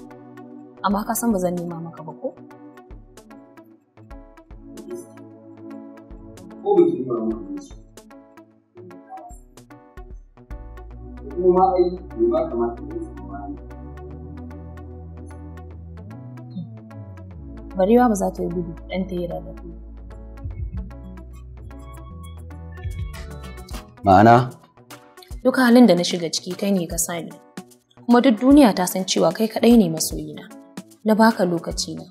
amma ka san ba zan nema maka ba ko ko ba ki nema maka aminci kuma ma ai bai ba kamata ne su barewa ba za ta yi gudu ɗan ta yi rarrafe Ma'ana? Duk halin da na shiga ciki kai ne ka sani. Kuma duk duniya ta san cewa kai kaɗai ne masoyina. Na baka lokacina,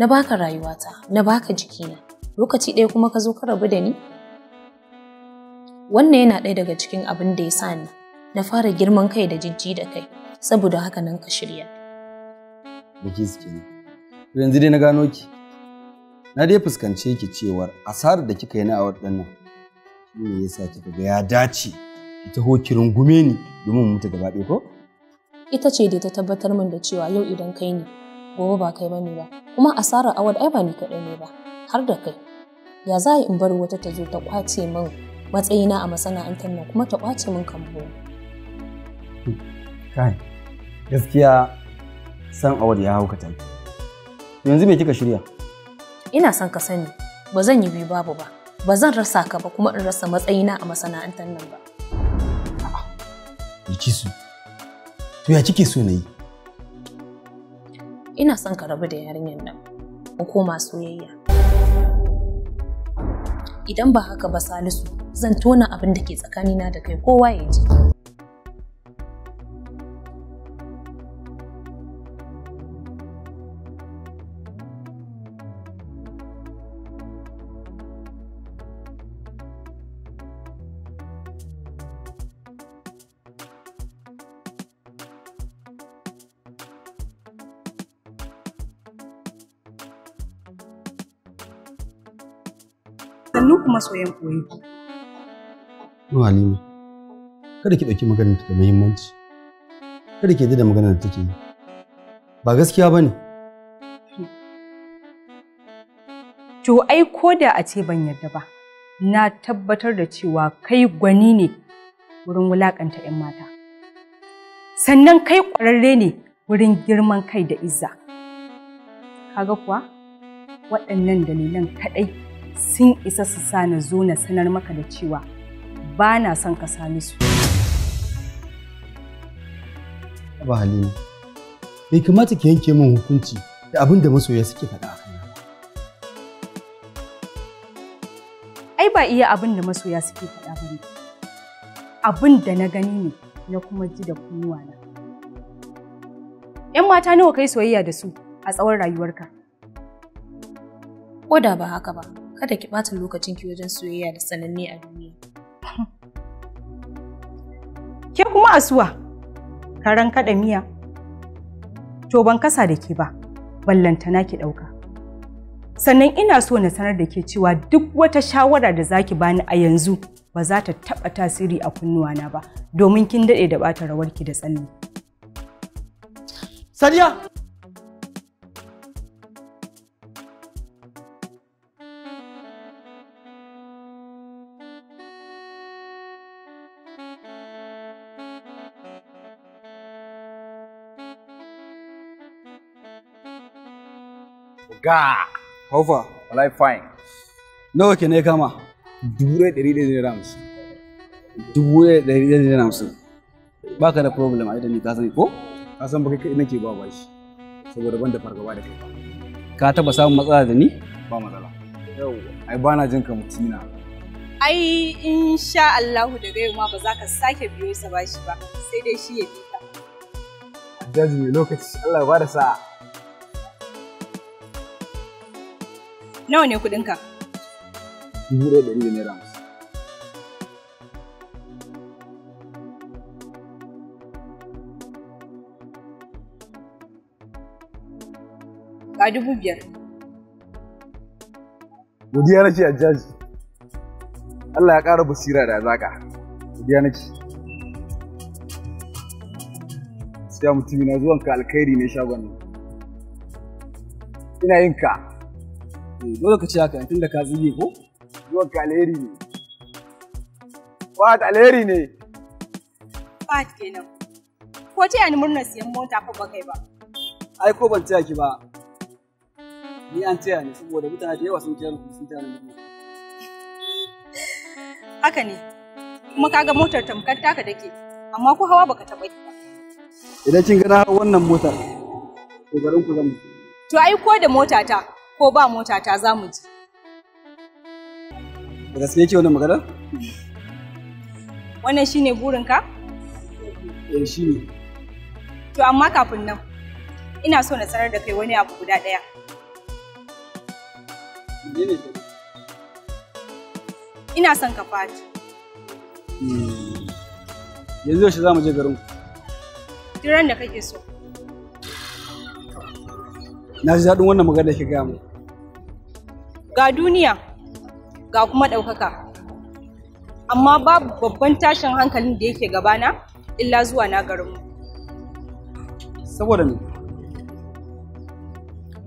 na baka rayuwata, na baka jikina. Lokaci ɗaya kuma ka zo ka rabu da ni? Wannan yana ɗaya daga cikin abin da ya sa ni. Na fara girman kai da jijji da kai, saboda haka nan ka shirya. Baki suke ne. Yanzu dai na gano ki. Na dai fuskance ki cewar asarar da kika yi na a waɗannan me yasa kika ga ya dace ki taho ki rungume ni domin mu mutu gaba ɗaya ko ita ce da ta tabbatar min da cewa yau idan kai ne gobe ba kai bane ba kuma asarar awad ai ba ni kaɗai ne ba har da kai ya za in bar wata ta zo ta kwace min matsayina a masana'antar nan kuma ta kwace min kambo kai gaskiya san awad ya hauka ta yanzu me kika shirya ina son ka sani ba zan yi biyu babu ba ba zan rasa ka ba kuma in rasa matsayina a masana'antar nan ba. A'a, su. To ya kike so na yi? Ina son ka rabu da yarinyar nan, mu koma soyayya. Idan ba haka ba Salisu, zan tona abin da ke tsakanina da kai kowa ya ji. masoyan koyi. Halima, kada ki ɗauki maganar da muhimmanci. Kada ki da maganar da take yi. Ba gaskiya ba ne. To ai ko da a ce ban yarda ba, na tabbatar da cewa kai gwani ne wurin wulakanta 'yan mata. Sannan kai ƙwararre ne wurin girman kai da izza. Kaga kuwa waɗannan dalilan kaɗai sun isa su sa na zo na sanar maka da cewa ba na son ka sami su. Ba Halima, bai kamata ki yanke min hukunci da abin da masoya suke faɗa a kaina. Ai ba iya abin da masoya suke faɗa ba ne. Abin da na gani ne na kuma ji da na. ‘Yan mata nawa kai soyayya da su a tsawon rayuwarka? Ko da ba haka ba. kada ki ɓata ki wajen soyayya da sananne a duniya. Ke kuma asuwa, karan kaɗa miya. To ban kasa da ke ba, ballantana ki ɗauka. Sannan ina so na sanar da ke cewa duk wata shawara da zaki bani a yanzu ba za ta taɓa tasiri a kunnuwa na ba, domin kin daɗe da ɓata rawarki da tsalle. Sadiya! Ga. How far? Wallahi fine. Nawa ke ne kama? Dubu ɗaya ɗari ɗaya naira hamsin. Dubu ɗaya ɗari ɗaya naira hamsin. Ba ka da problem a idan ni ka sani ko? Ka san ba kai nake ba bashi. Saboda ban da fargaba da kai Ka taba samun matsala da ni? Ba matsala. Yau, ai ba na jin ka mutina. Ai insha Allahu da yau ma ba za ka sake biyo sa bashi ba. Sai dai shi ya bi ka. Jaji lokaci Allah ya ba da sa'a. Nawa ne kuɗinka? Dubu da ɗari da naira hamsin. Ga dubu biyar. Godiya nake a jaji. Allah ya ƙara basira da zaƙa. Godiya nake. Siya mutumi na zuwanka alkhairi ne shagon nan. Ina yin ka dole ka ce haka tun da ka zige ko zuwan ka ne Fat alheri ne Fat kenan ko ce yani murnar siyan mota ko ba kai ba ai ko ban taya ki ba ni an taya ni saboda mutane da yawa sun taya ni sun taya ni haka ne kuma kaga motar tamkar taka dake amma ko hawa baka taba ba idan kin ga wannan motar to garin ku zan to ai ko da motata ko ba mota ta za mu ji. Da gaske yake wani magana? Wannan shine burinka? Eh shi ne. To amma kafin nan ina so na tsarar da kai wani abu guda ɗaya. Ina son ka fati. Hmm. Yanzu yaushe za mu je garin ku? da kake so. Na ji daɗin wannan magana da ke gaya mu. ga duniya ga kuma ɗaukaka amma babu babban tashin hankalin da yake gabana illa zuwa na garinmu saboda me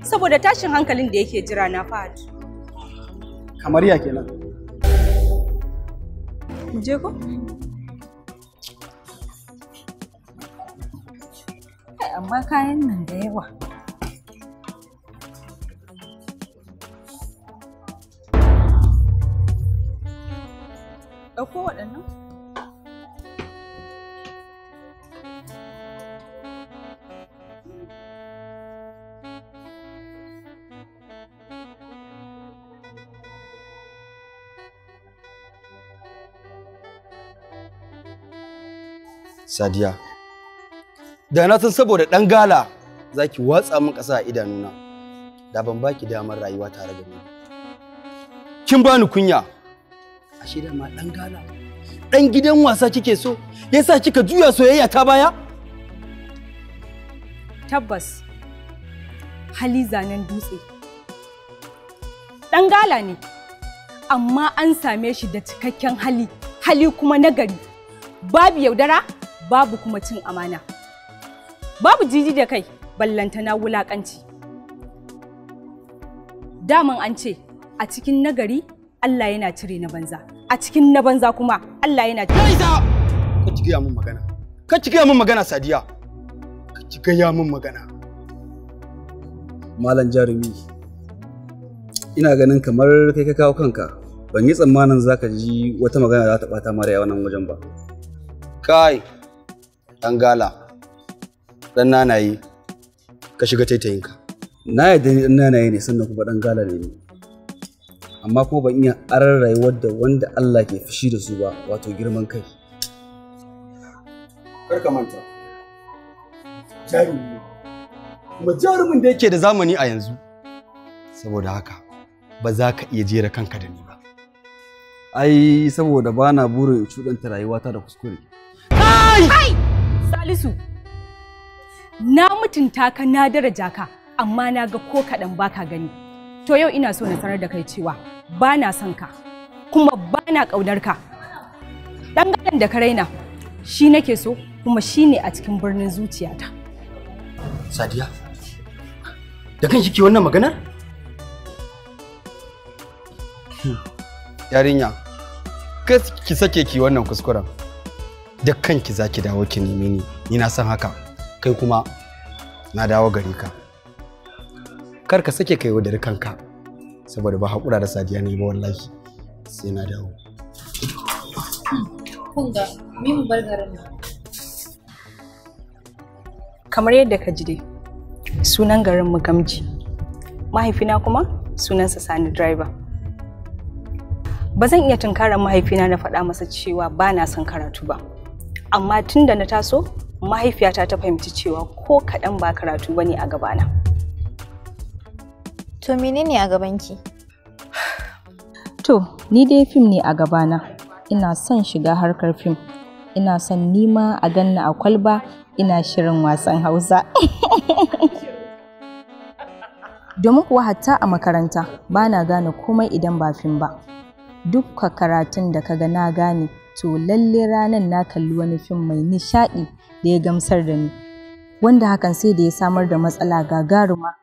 saboda tashin hankalin da yake jira na fahad kamar ya kenan je ko amma kayan nan da yawa ɗauko waɗannan Sadiya, da na san saboda ɗan gala za ki watsa min ƙasa a idanuna, da ban ba ki damar rayuwa tare da ni. Kin bani kunya. ashe da ma dan gala dan gidan wasa kike so yasa kika juya soyayya ta baya tabbas hali zanen dutse Ɗan gala ne amma an same shi da cikakken hali hali kuma nagari babu yaudara babu kuma cin amana babu jiji da kai ballantana wulakanci daman an ce a cikin nagari Allah yana cire na banza a cikin na banza kuma Allah yana cire ka ci gaya min magana ka ci gaya min magana sadiya ka ci gaya min magana malam jarumi ina ganin kamar kai ka kawo kanka ban yi tsammanin zaka ji wata magana za ta bata mara yawan nan wajen ba kai dan gala dan nanaye ka shiga taitayinka na yadda ni dan nanaye ne sannan kuma dan gala ne ni amma ko ban iya arar rayuwar da wanda Allah ke fushi da su ba wato girman kai karka manta jarumi kuma jarumin da yake da zamani a yanzu saboda haka ba za ka iya jera kanka da ni ba ai saboda ba na burin cuɗanta rayuwata da kuskure kai salisu na mutunta ka na daraja ka amma na ga ko kaɗan baka gani to yau ina so na sanar da kai cewa ba na son ka kuma ba na ƙaunar ka ɗangaren da ka raina shi nake so kuma shi ne a cikin birnin zuciyata sadiya da kan shi ke wannan maganar yarinya ki sake ki wannan kuskuren da kanki za ki dawo ki nemi ni ni na san haka kai kuma na dawo gari ka kar ka sake kai wadar kanka saboda ba haƙura da sadiya ne ba wallahi sai na dawo kunga mi mu bar garin kamar yadda ka ji dai sunan garin mu gamji mahaifina kuma sunansa sani driver ba zan iya tunkarar mahaifina na faɗa masa cewa ba na son karatu ba amma tunda na taso mahaifiyata ta fahimci cewa ko kaɗan ba karatu ba ne a gabana. To menene a gabanki? To, ni dai fim ne a gabana. Ina son shiga harkar fim. Ina son nima a ganna a kwalba ina shirin wasan Hausa. Domin kuwa hatta a makaranta ba na gane komai idan ba fim ba. Dukka karatun da kaga na gane to lalle ranar na kalli wani fim mai nishaɗi da ya gamsar da ni. Wanda hakan sai da ya samar da matsala gagaruma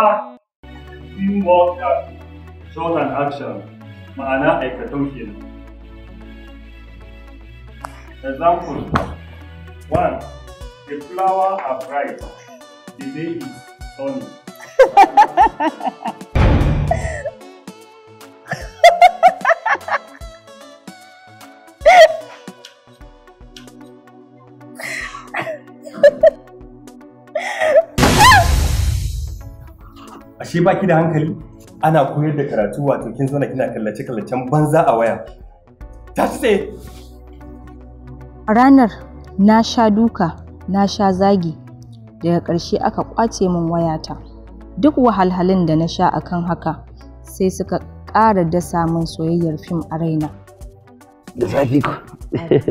fara in walk up action ma'ana aikatau kenan example one the flower of rice, the day is sunny ashe baki da hankali ana koyar da karatu wato kin na kina kallace kallacen banza a waya Ta tsaye a ranar na sha duka na sha zagi daga ƙarshe aka ƙwace min wayata duk wahalhalin da na sha akan haka sai suka ƙara dasa min soyayyar fim a raina da zafi ku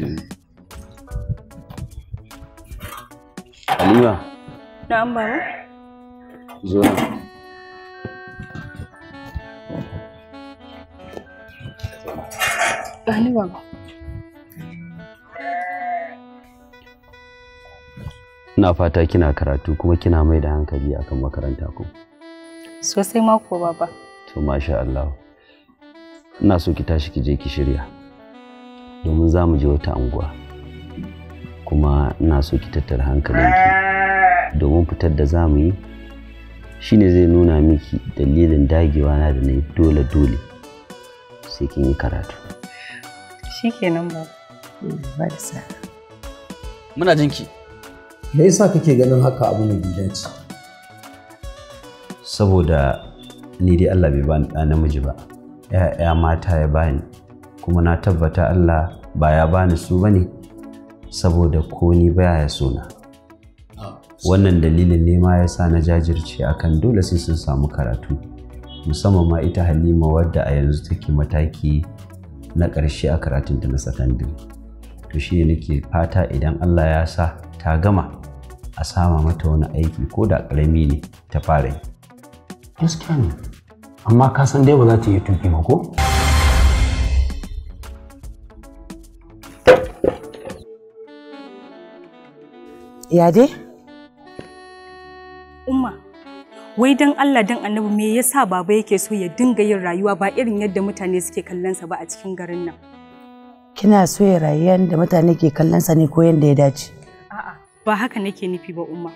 Mm-hmm. Halima. Na'am baba. Zo Halima Ina fata kina karatu kuma kina mai da hankali akan makaranta ku. Sosai mako baba. To masha Allah. Ina so ki tashi ki je ki shirya. Domin za mu je wata anguwa. kuma ina so ki tattara hankalinki domin fitar da za mu yi shine zai nuna miki dalilin dagewa na da na yi dole dole sai kin yi karatu shikenan ba ba da sa muna jinki me yasa kake ganin haka abu ne bai ci. saboda ni dai Allah bai bani ɗa namiji ba ‘ya'ya mata ya bani kuma na tabbata Allah ba ya bani su bane saboda ko ni baya na, ah, wannan dalilin ne ma sa na jajirce akan dole sai sun samu karatu musamman ma ita halima wadda a yanzu take mataki na ƙarshe a karatun ta na sakandare to shi ne nake fata idan allah ya sa ta gama a sama mata wani aiki ko da ƙarami ne ta fara yi gaskiya ne amma ka san dai ba za ta yi tuki ba ko Ya dai? Umma, wai dan Allah dan Annabi me yasa baba yake so ya dinga yin rayuwa ba irin yadda mutane suke kallon sa ba a cikin garin nan? Kina so ya rayuwa da mutane ke kallon sa ne ko yanda ya dace? A'a, ba haka nake nufi ba Umma.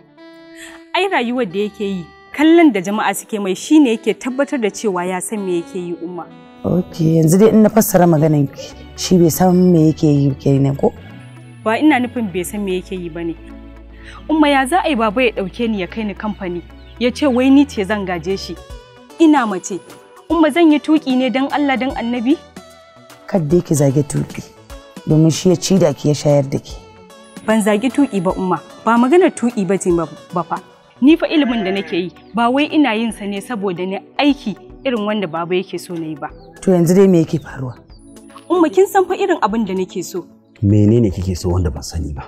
Ai rayuwar da yake yi kallon da jama'a suke mai shine yake tabbatar da cewa ya san me yake yi Umma. Ok, yanzu dai in na fassara maganar shi bai san me yake yi kenan ko? Ba ina nufin bai san me yake yi bane. Umma ya za a yi baba ya ɗauke ni ya kai ni kamfani ya ce wai ni ce zan gaje shi. Ina mace, Umma zan yi tuƙi ne don Allah don annabi? Kadda ki zage tuƙi domin shi ya ci da ki ya shayar da ki. Ban zagi tuƙi ba Umma, ba magana tuƙi ba ce ba fa. Ni fa ilimin da nake yi ba wai ina yin sa ne saboda ni aiki irin wanda baba yake so na yi ba. To yanzu dai me yake faruwa? Umma kin san fa irin abin da nake so. Menene kike so wanda ban sani ba?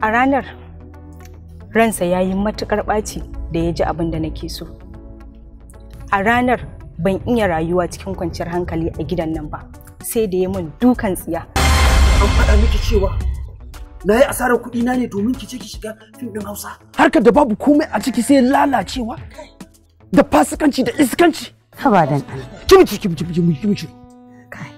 A ranar, ransa ya yi matuƙar ɓaci da ya ji abin da nake so. A ranar ban iya rayuwa cikin kwanciyar hankali a gidan nan ba, sai da ya min dukan tsiya. An faɗa miki cewa na yi asarar kuɗi na ne domin ki ce ki shiga fim ɗin Hausa. Harkar da babu komai a ciki sai lalacewa da fasikanci da iskanci. Haba dan Allah. Kimci kimci kimci kimci. Kai.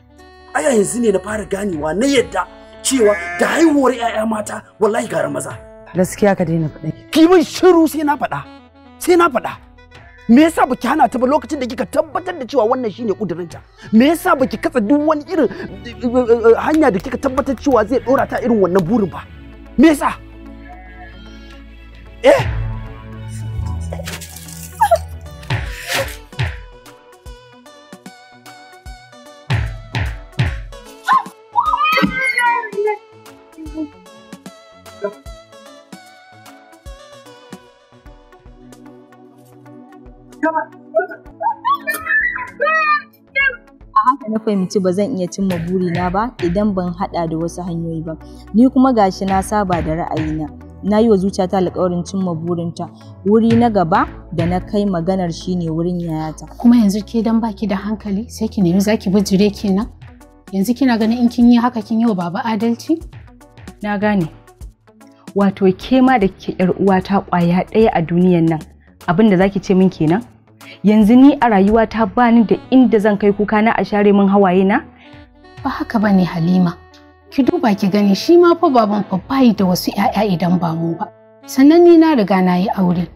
A yanzu ne na fara ganewa na yadda cewa da haihuwar 'ya'ya mata wallahi gara maza gaskiya ka daina faɗa ki mun shiru sai na faɗa sai na faɗa me yasa baki hana ta ba lokacin da kika tabbatar da cewa wannan shine kudurinta me yasa baki katsa duk wani irin hanya da kika tabbatar cewa zai dora ta irin wannan burin ba me yasa eh na fahimci ba zan iya cimma burina ba idan ban haɗa da wasu hanyoyi ba ni kuma gashi na saba da ra'ayina na yi wa zuciyata alƙawarin cimma burinta wuri na gaba da na kai maganar shine wurin yayata kuma yanzu ke dan baki da hankali sai ki nemi zaki bijire kenan yanzu kina ganin in kin yi haka kin yi wa baba adalci na gane wato ke ma da ke yar uwata ƙwaya ɗaya a duniyan nan abin da zaki ce min kenan yanzu ni a rayuwa ta bani da inda zan kai kuka na a share min hawaye na ba haka ba ne halima ki duba ki gani shi ma fa baban fa da wasu 'ya'ya idan ba mu ba sannan ni na riga na yi aure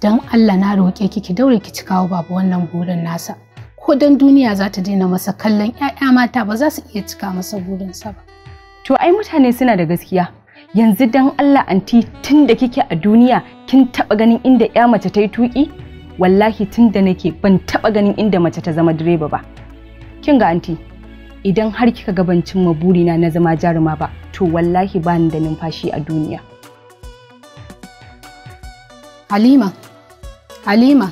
dan Allah na roƙe ki ki daure ki cikawo baba wannan burin nasa ko dan duniya za ta daina masa kallon 'ya'ya mata ba za su iya cika masa burinsa ba to ai mutane suna da gaskiya yanzu dan Allah anti tun da kike a duniya kin taɓa ganin inda ƴa mace ta yi tuƙi wallahi tun da nake ban taba ganin inda mace ta zama direba ba kin ga anti idan har kika ga ban cimma burina na zama jaruma ba to wallahi ba da numfashi a duniya halima halima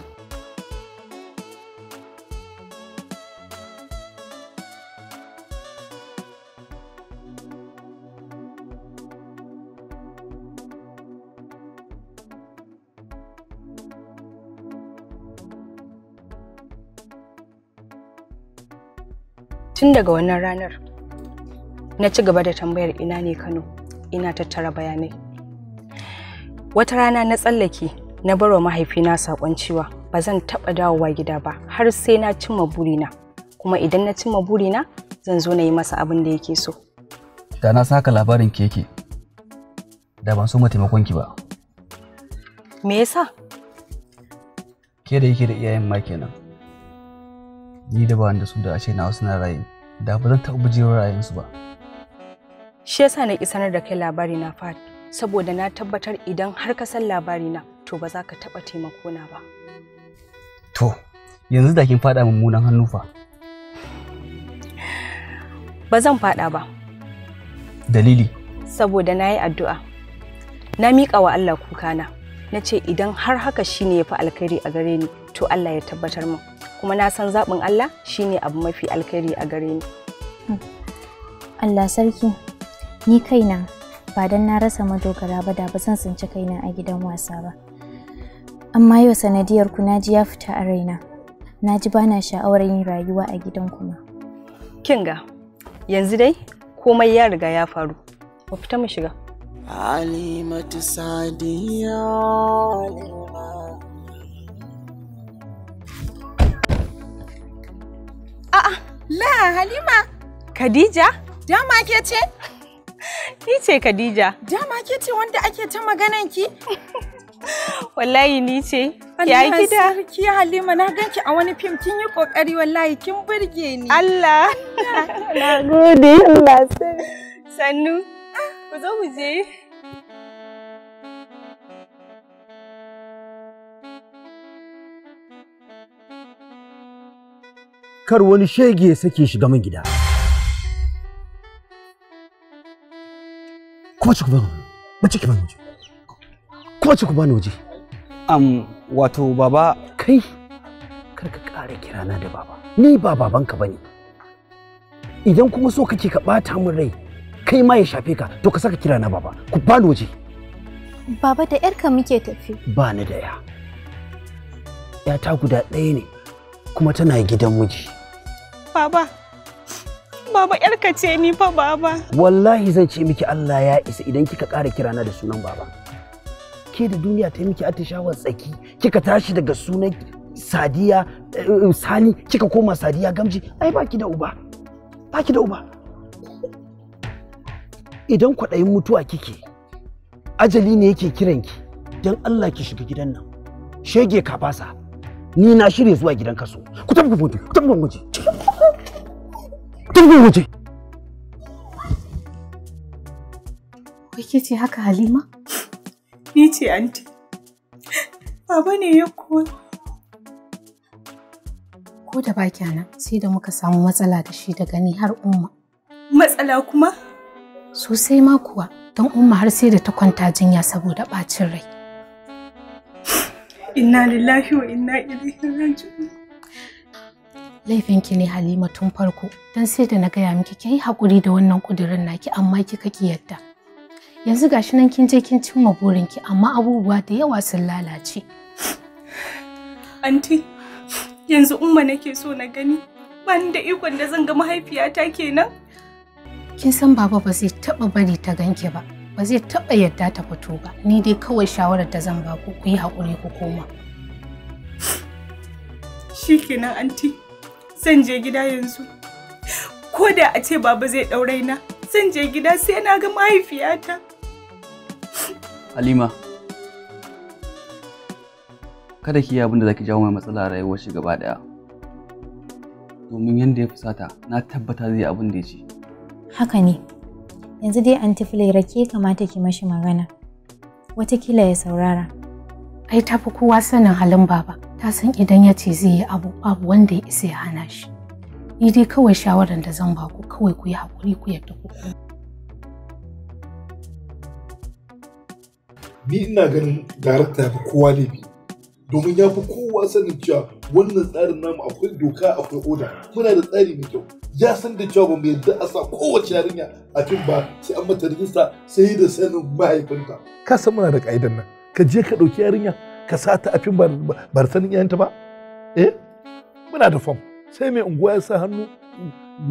tun daga wannan ranar na ci gaba da tambayar ina ne kano ina tattara bayanai wata rana na tsallake na barwa mahaifina sakon cewa ba zan taɓa dawowa gida ba har sai na cimma burina kuma idan na cimma burina zan zo na yi masa abin da yake so da na saka labarin ki da ban so ma taimakon ki ba me yasa ke da yake da iyayen ma kenan ni da ba da su da ashe na wasu na rayu da ba zan taɓa bujewar ra'ayinsu ba. Shi yasa na ki sanar da kai labari na fat saboda na tabbatar idan har ka san labari na to ba za ka taɓa taimako na ba. To, yanzu da kin faɗa mummunan hannu fa. Ba zan faɗa ba. Dalili? Saboda na yi addu'a. Na miƙa wa Allah kuka na ce idan har haka shine ya fi alkhairi a gare ni to Allah ya tabbatar min kuma na san zaɓin Allah shine abu mafi alkhairi a gare ni. Hmm. Allah sarki, ni kaina ba don na rasa madogara ba da ba zan tsinci kaina a gidan wasa ba. Amma yau sanadiyar ku na ji ya fita a raina, na ji bana sha'awar yin rayuwa a gidan kuma. Kinga, yanzu dai komai ya riga ya faru, mu fita mu shiga. Alimatu Sadiya A'a, la Halima. Khadija? Dama ke ce? Ni ce Khadija. Dama ke ce wanda ake ta maganan ki? wallahi ni ce. Ya gida. Ki Halima na ganki a wani fim kin yi kokari wallahi kin burge ni. Allah. Na gode Allah sai. Sannu. Ah, ku zo ku je. kar wani shege ya sake shiga min gida kuma ci ku bani waje ki bani waje kuma ci ku bani waje am wato baba kai kar ka ƙara kirana da baba ni ba babanka bane idan kuma so kake ka ɓata min rai kai ma ya shafe ka to ka saka kira na baba ku bani waje baba da yarka muke tafi ba ni da ya Yata guda ɗaya ne kuma tana gidan miji baba baba yarka ce ni fa baba wallahi zan ce miki Allah ya isa idan kika ƙara kirana da sunan baba ke da duniya ta yi miki atishawar tsaki kika tashi daga sunan sadiya eh, eh, sani kika koma sadiya gamji ai baki da uba baki da uba idan kwaɗayin mutuwa kike ajali ne yake kiranki don Allah ki shiga gidan nan shege ka fasa ni na shirya zuwa gidan kaso ku tafi ku ku tafi waje tafi wai ke ce haka halima ni ce anti baba ne ya kuwa ko da ba nan sai da muka samu matsala da shi daga ni har umma matsala kuma sosai ma kuwa don umma har sai da ta kwanta jinya saboda bacin rai Inna lillahi wa inna ilaihi raji'un. Laifinki ne Halima tun farko, dan sai da na gaya miki ki hakuri da wannan kudirin naki amma kika ki yadda. Yanzu gashi nan kin je kin cimma burinki amma abubuwa da yawa sun lalace. Anti, yanzu umma nake so na gani, ban da ikon da zan ga mahaifiyata kenan. Kin san baba ba zai taba bari ta ganki ba, ba zai taɓa yadda ta fito ba ni dai kawai shawarar da zan ba ku ku yi haƙuri ku koma shikenan anti zan je gida yanzu ko da a ce baba zai ɗaurai na zan je gida sai na ga mahaifiyata halima kada ki yi abin da zaki jawo mai matsala rayuwar shi gaba daya domin yadda ya fusata na tabbata zai abin da ya ce haka ne yanzu dai anti fulaira ke kamata ki mashi magana watakila ya saurara ai ta fi kowa sanin halin baba ta san idan ya ce zai yi abu babu wanda ya isa ya hana shi ni dai kawai shawaran da zan ba ku kawai ku yi haƙuri ku yadda ku ni ina ganin darakta fi kowa ne bi domin ya fi kowa sanin cewa wannan tsarin namu akwai doka akwai oda muna da tsari mai kyau ya san da cewa ba mu yadda a sa kowace yarinya a fim ba sai an mata rijista sai da sanin mahaifinta ka san muna da ka'idan nan ka je ka ɗauki yarinya ka sa ta a fim ba ba sanin iyayenta ba eh muna da fam sai mai unguwa ya sa hannu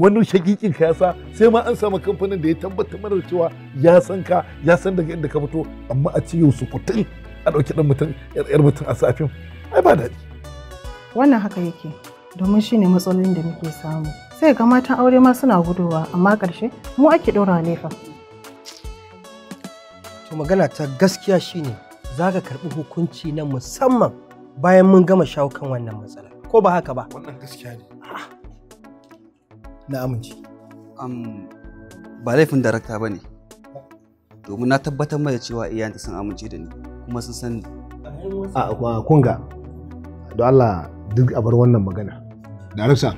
wani shagikin ka ya sa sai ma an samu kamfanin da ya tabbatar mana da cewa ya san ka ya san daga inda ka fito amma a ce yau su kutun a ɗauki ɗan mutum yar mutum a safin ai ba daɗi wannan haka yake domin shine matsalolin da muke samu sai ga matan aure ma suna gudowa amma ƙarshe mu ake ɗora nefa. To magana ta gaskiya shine za ka karɓi hukunci na musamman bayan mun gama shawo kan wannan matsala ko ba haka ba. Wannan gaskiya ne. Na amince. ba laifin darakta ba ne domin na tabbatar mai cewa iyayenta sun amince da ni kuma sun san a kunga don Allah duk a bar wannan magana darakta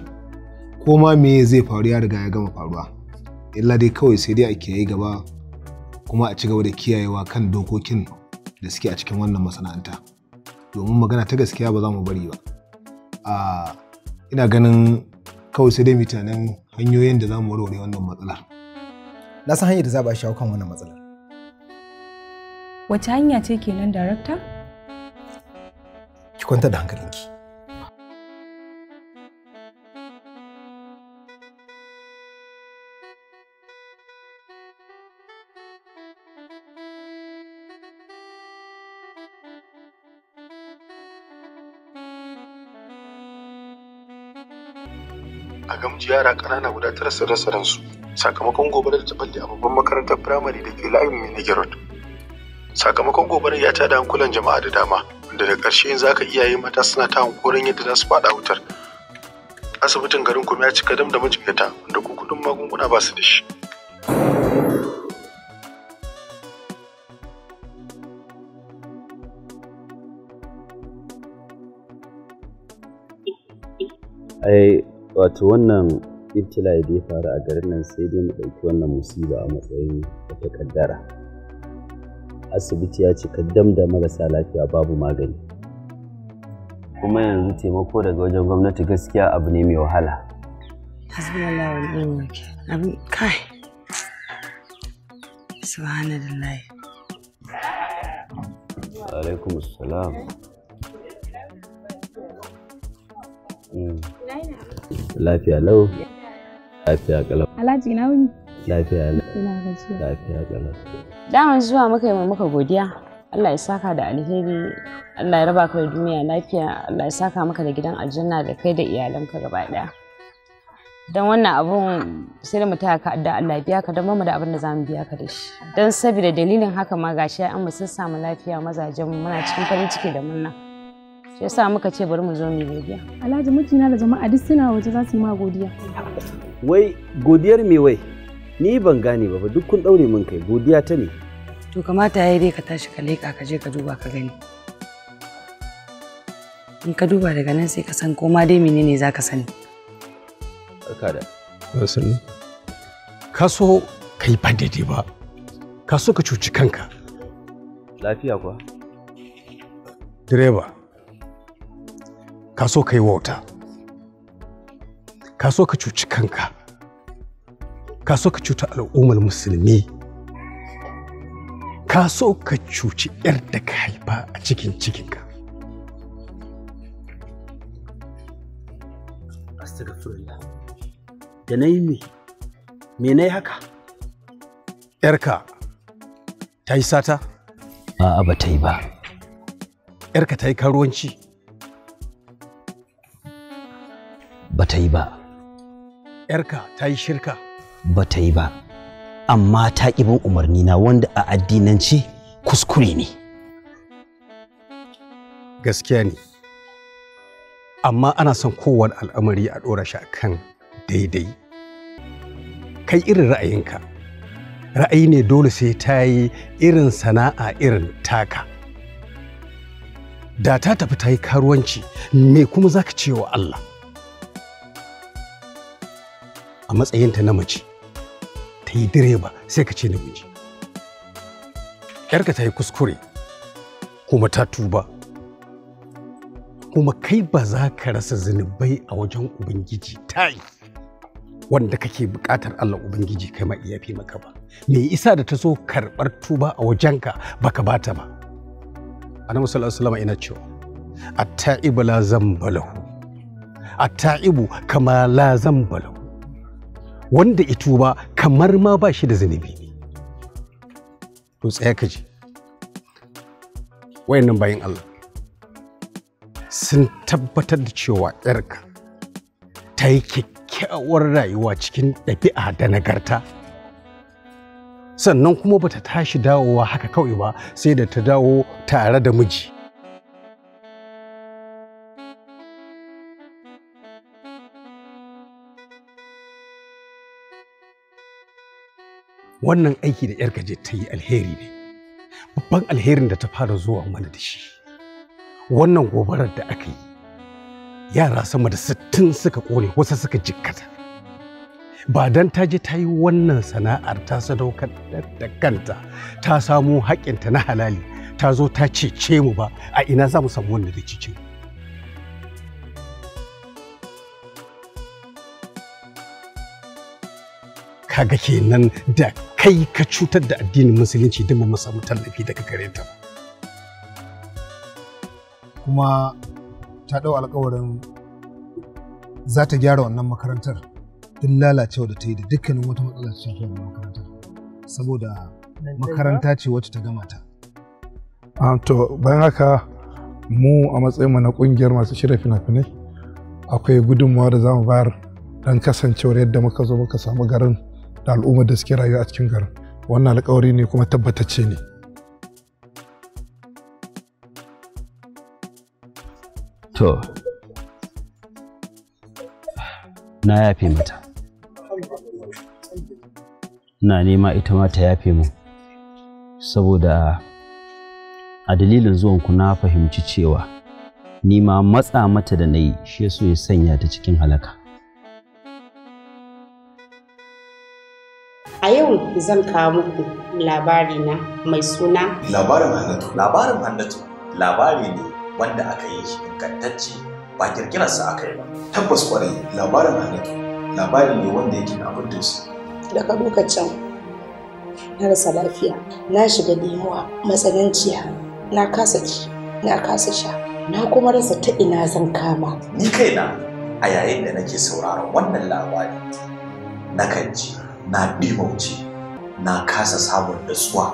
Koma me zai faru ya riga ya gama faruwa illa dai kawai sai dai a yi gaba kuma a ci gaba da kiyayewa kan dokokin da suke a cikin wannan masana'anta domin magana ta gaskiya ba za mu bari ba a ina ganin kawai sai dai mutanen hanyoyin da za mu warware wannan matsalar na san hanyar da za a shawo kan wannan matsalar wace hanya ce kenan darakta ki kwanta da hankalinki yara ƙanana guda tara sun rasa ransu sakamakon gobarar ta balle a babban makarantar firamare da ke layin mini Sakamakon gobarar ya tada hankulan jama'a da dama wanda da ƙarshe ka iya iyaye mata suna ta hankoron yadda za su faɗa wutar. Asibitin garin kuma ya cika dam da majikata wanda ko kuɗin magunguna ba su da shi. wato wannan ibtila'i da ya faru a garin nan sai dai mu ɗauki wannan musiba a matsayin wata kaddara asibiti ya ce dam da marasa lafiya babu magani kuma yanzu taimako daga wajen gwamnati gaskiya abu ne mai wahala abin alaikum salam hmm. Lafiya lau. Lafiya kalau. Alhaji na Lafiya lau. Lafiya kalau. Daman zuwa muka yi muka godiya. Allah ya saka da alheri, Allah ya raba ka da duniya lafiya, Allah ya saka maka da gidan aljanna da kai da iyalanka gaba daya. don wannan abun sai da mutaka ka da Allah biya ka don mamu da abin da zamu biya ka da shi dan saboda dalilin haka ma gashi an mu sun samu lafiya mazajen muna cikin farin ciki da murna shi yasa muka ce bari mu zo mu godiya alhaji mijina da jama'a duk suna waje za su yi ma godiya wai godiyar me wai ni ban gane ba duk kun daure min kai godiya ta ne to kamata yayi dai ka tashi ka leka ka je ka duba ka gani in ka duba daga nan sai ka san koma dai menene zaka sani barka da ka so ka ba daidai ba ka so ka cuci kanka lafiya kuwa direba ka so ka yi wauta ka so ka cuci kanka ka so ka cuta al'ummar musulmi ka so ka cuci 'yar da ka haifa a cikin cikinka astagfirullah da na yi me me na yi haka yarka ta yi sata a'a ba ta ba yarka ta yi karuwanci ba ta yi ba yarka ta yi shirka ba ta yi ba amma ta ƙi umarni na wanda a addinance kuskure ne gaskiya ne amma ana son kowane al'amari a ɗora shi kan daidai kai irin ra'ayinka ra'ayi ne dole sai ta yi irin sana'a irin taka da ta tafi ta yi karuwanci me kuma za ka ce wa Allah a matsayinta na mace ta yi direba sai ka ce namiji yarka ta yi kuskure kuma ta tuba kuma kai ba za ka rasa zunubai a wajen ubangiji ta yi wanda kake buƙatar Allah Ubangiji kai ma iya fi maka ba. Me isa da ta zo karɓar tuba a wajenka ka bata ba. Ana sallallahu alaihi wasallam ina cewa a taibu la zambalahu a taibu kama la zambalahu wanda ituba ba kamar ma ba shi da zunubi ne to tsaya ka ji wayannan bayan Allah sun tabbatar da cewa yarka ta yi kyakkyawar rayuwa cikin ɗabi'a da nagarta sannan kuma bata tashi dawowa haka kawai ba sai da ta dawo tare da miji wannan aiki da 'yarka je ta yi alheri ne babban alherin da ta fara zuwa mana da shi wannan gobarar da aka yi yara sama da sittin suka ƙone wasu suka jikkata ba don ta je ta yi wannan sana'ar ta sadaukar da kanta ta samo haƙƙinta na halali ta zo ta cece mu ba a ina za mu samu wanda da cece kaga kenan da kai ka cutar da addinin musulunci don mu samu tallafi daga gare ta kuma ta ɗau alkawarin za ta gyara wannan makarantar duk lalacewa da ta yi da dukkanin wata matsala ta shafi wannan makarantar saboda makaranta ce wacce ta gama ta to bayan haka mu a matsayin mu na ƙungiyar masu shirya fina-finai akwai gudunmawa da za mu bayar don kasancewar yadda muka zo muka samu garin da al'ummar da suke rayuwa a cikin garin wannan alkawari ne kuma tabbatacce ne to na yafe mata ina nema ita ma ta yafe mu saboda a dalilin zuwanku na fahimci cewa ni ma matsa mata da na yi shi ya sanya ta cikin halaka A yau zan kawo muku labari na mai suna. Labarin Hannatu. Labarin Hannatu labari ne wanda aka yi shi ingantacce ba kirkirarsa aka yi ba. Tabbas kwarai labarin Hannatu labari ne wanda yake na abin dusu Daga lokacin na rasa lafiya na shiga damuwa matsananciya na kasa ci na kasa sha na kuma rasa ta ina zan kama. Ni kaina a yayin da nake sauraron wannan labari na kan ji na ɗimauce na kasa samun dasuwa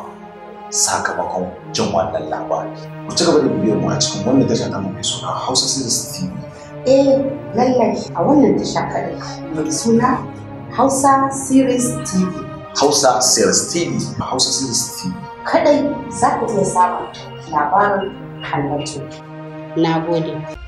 sakamakon jin wannan labari ku ci gaba da bibiyar mu a cikin wannan tasha ta mai suna hausa series tv eh lallai a wannan tasha kaɗai mai suna hausa series tv hausa series tv hausa series tv Kadai za ku iya samun labarin kallon na gode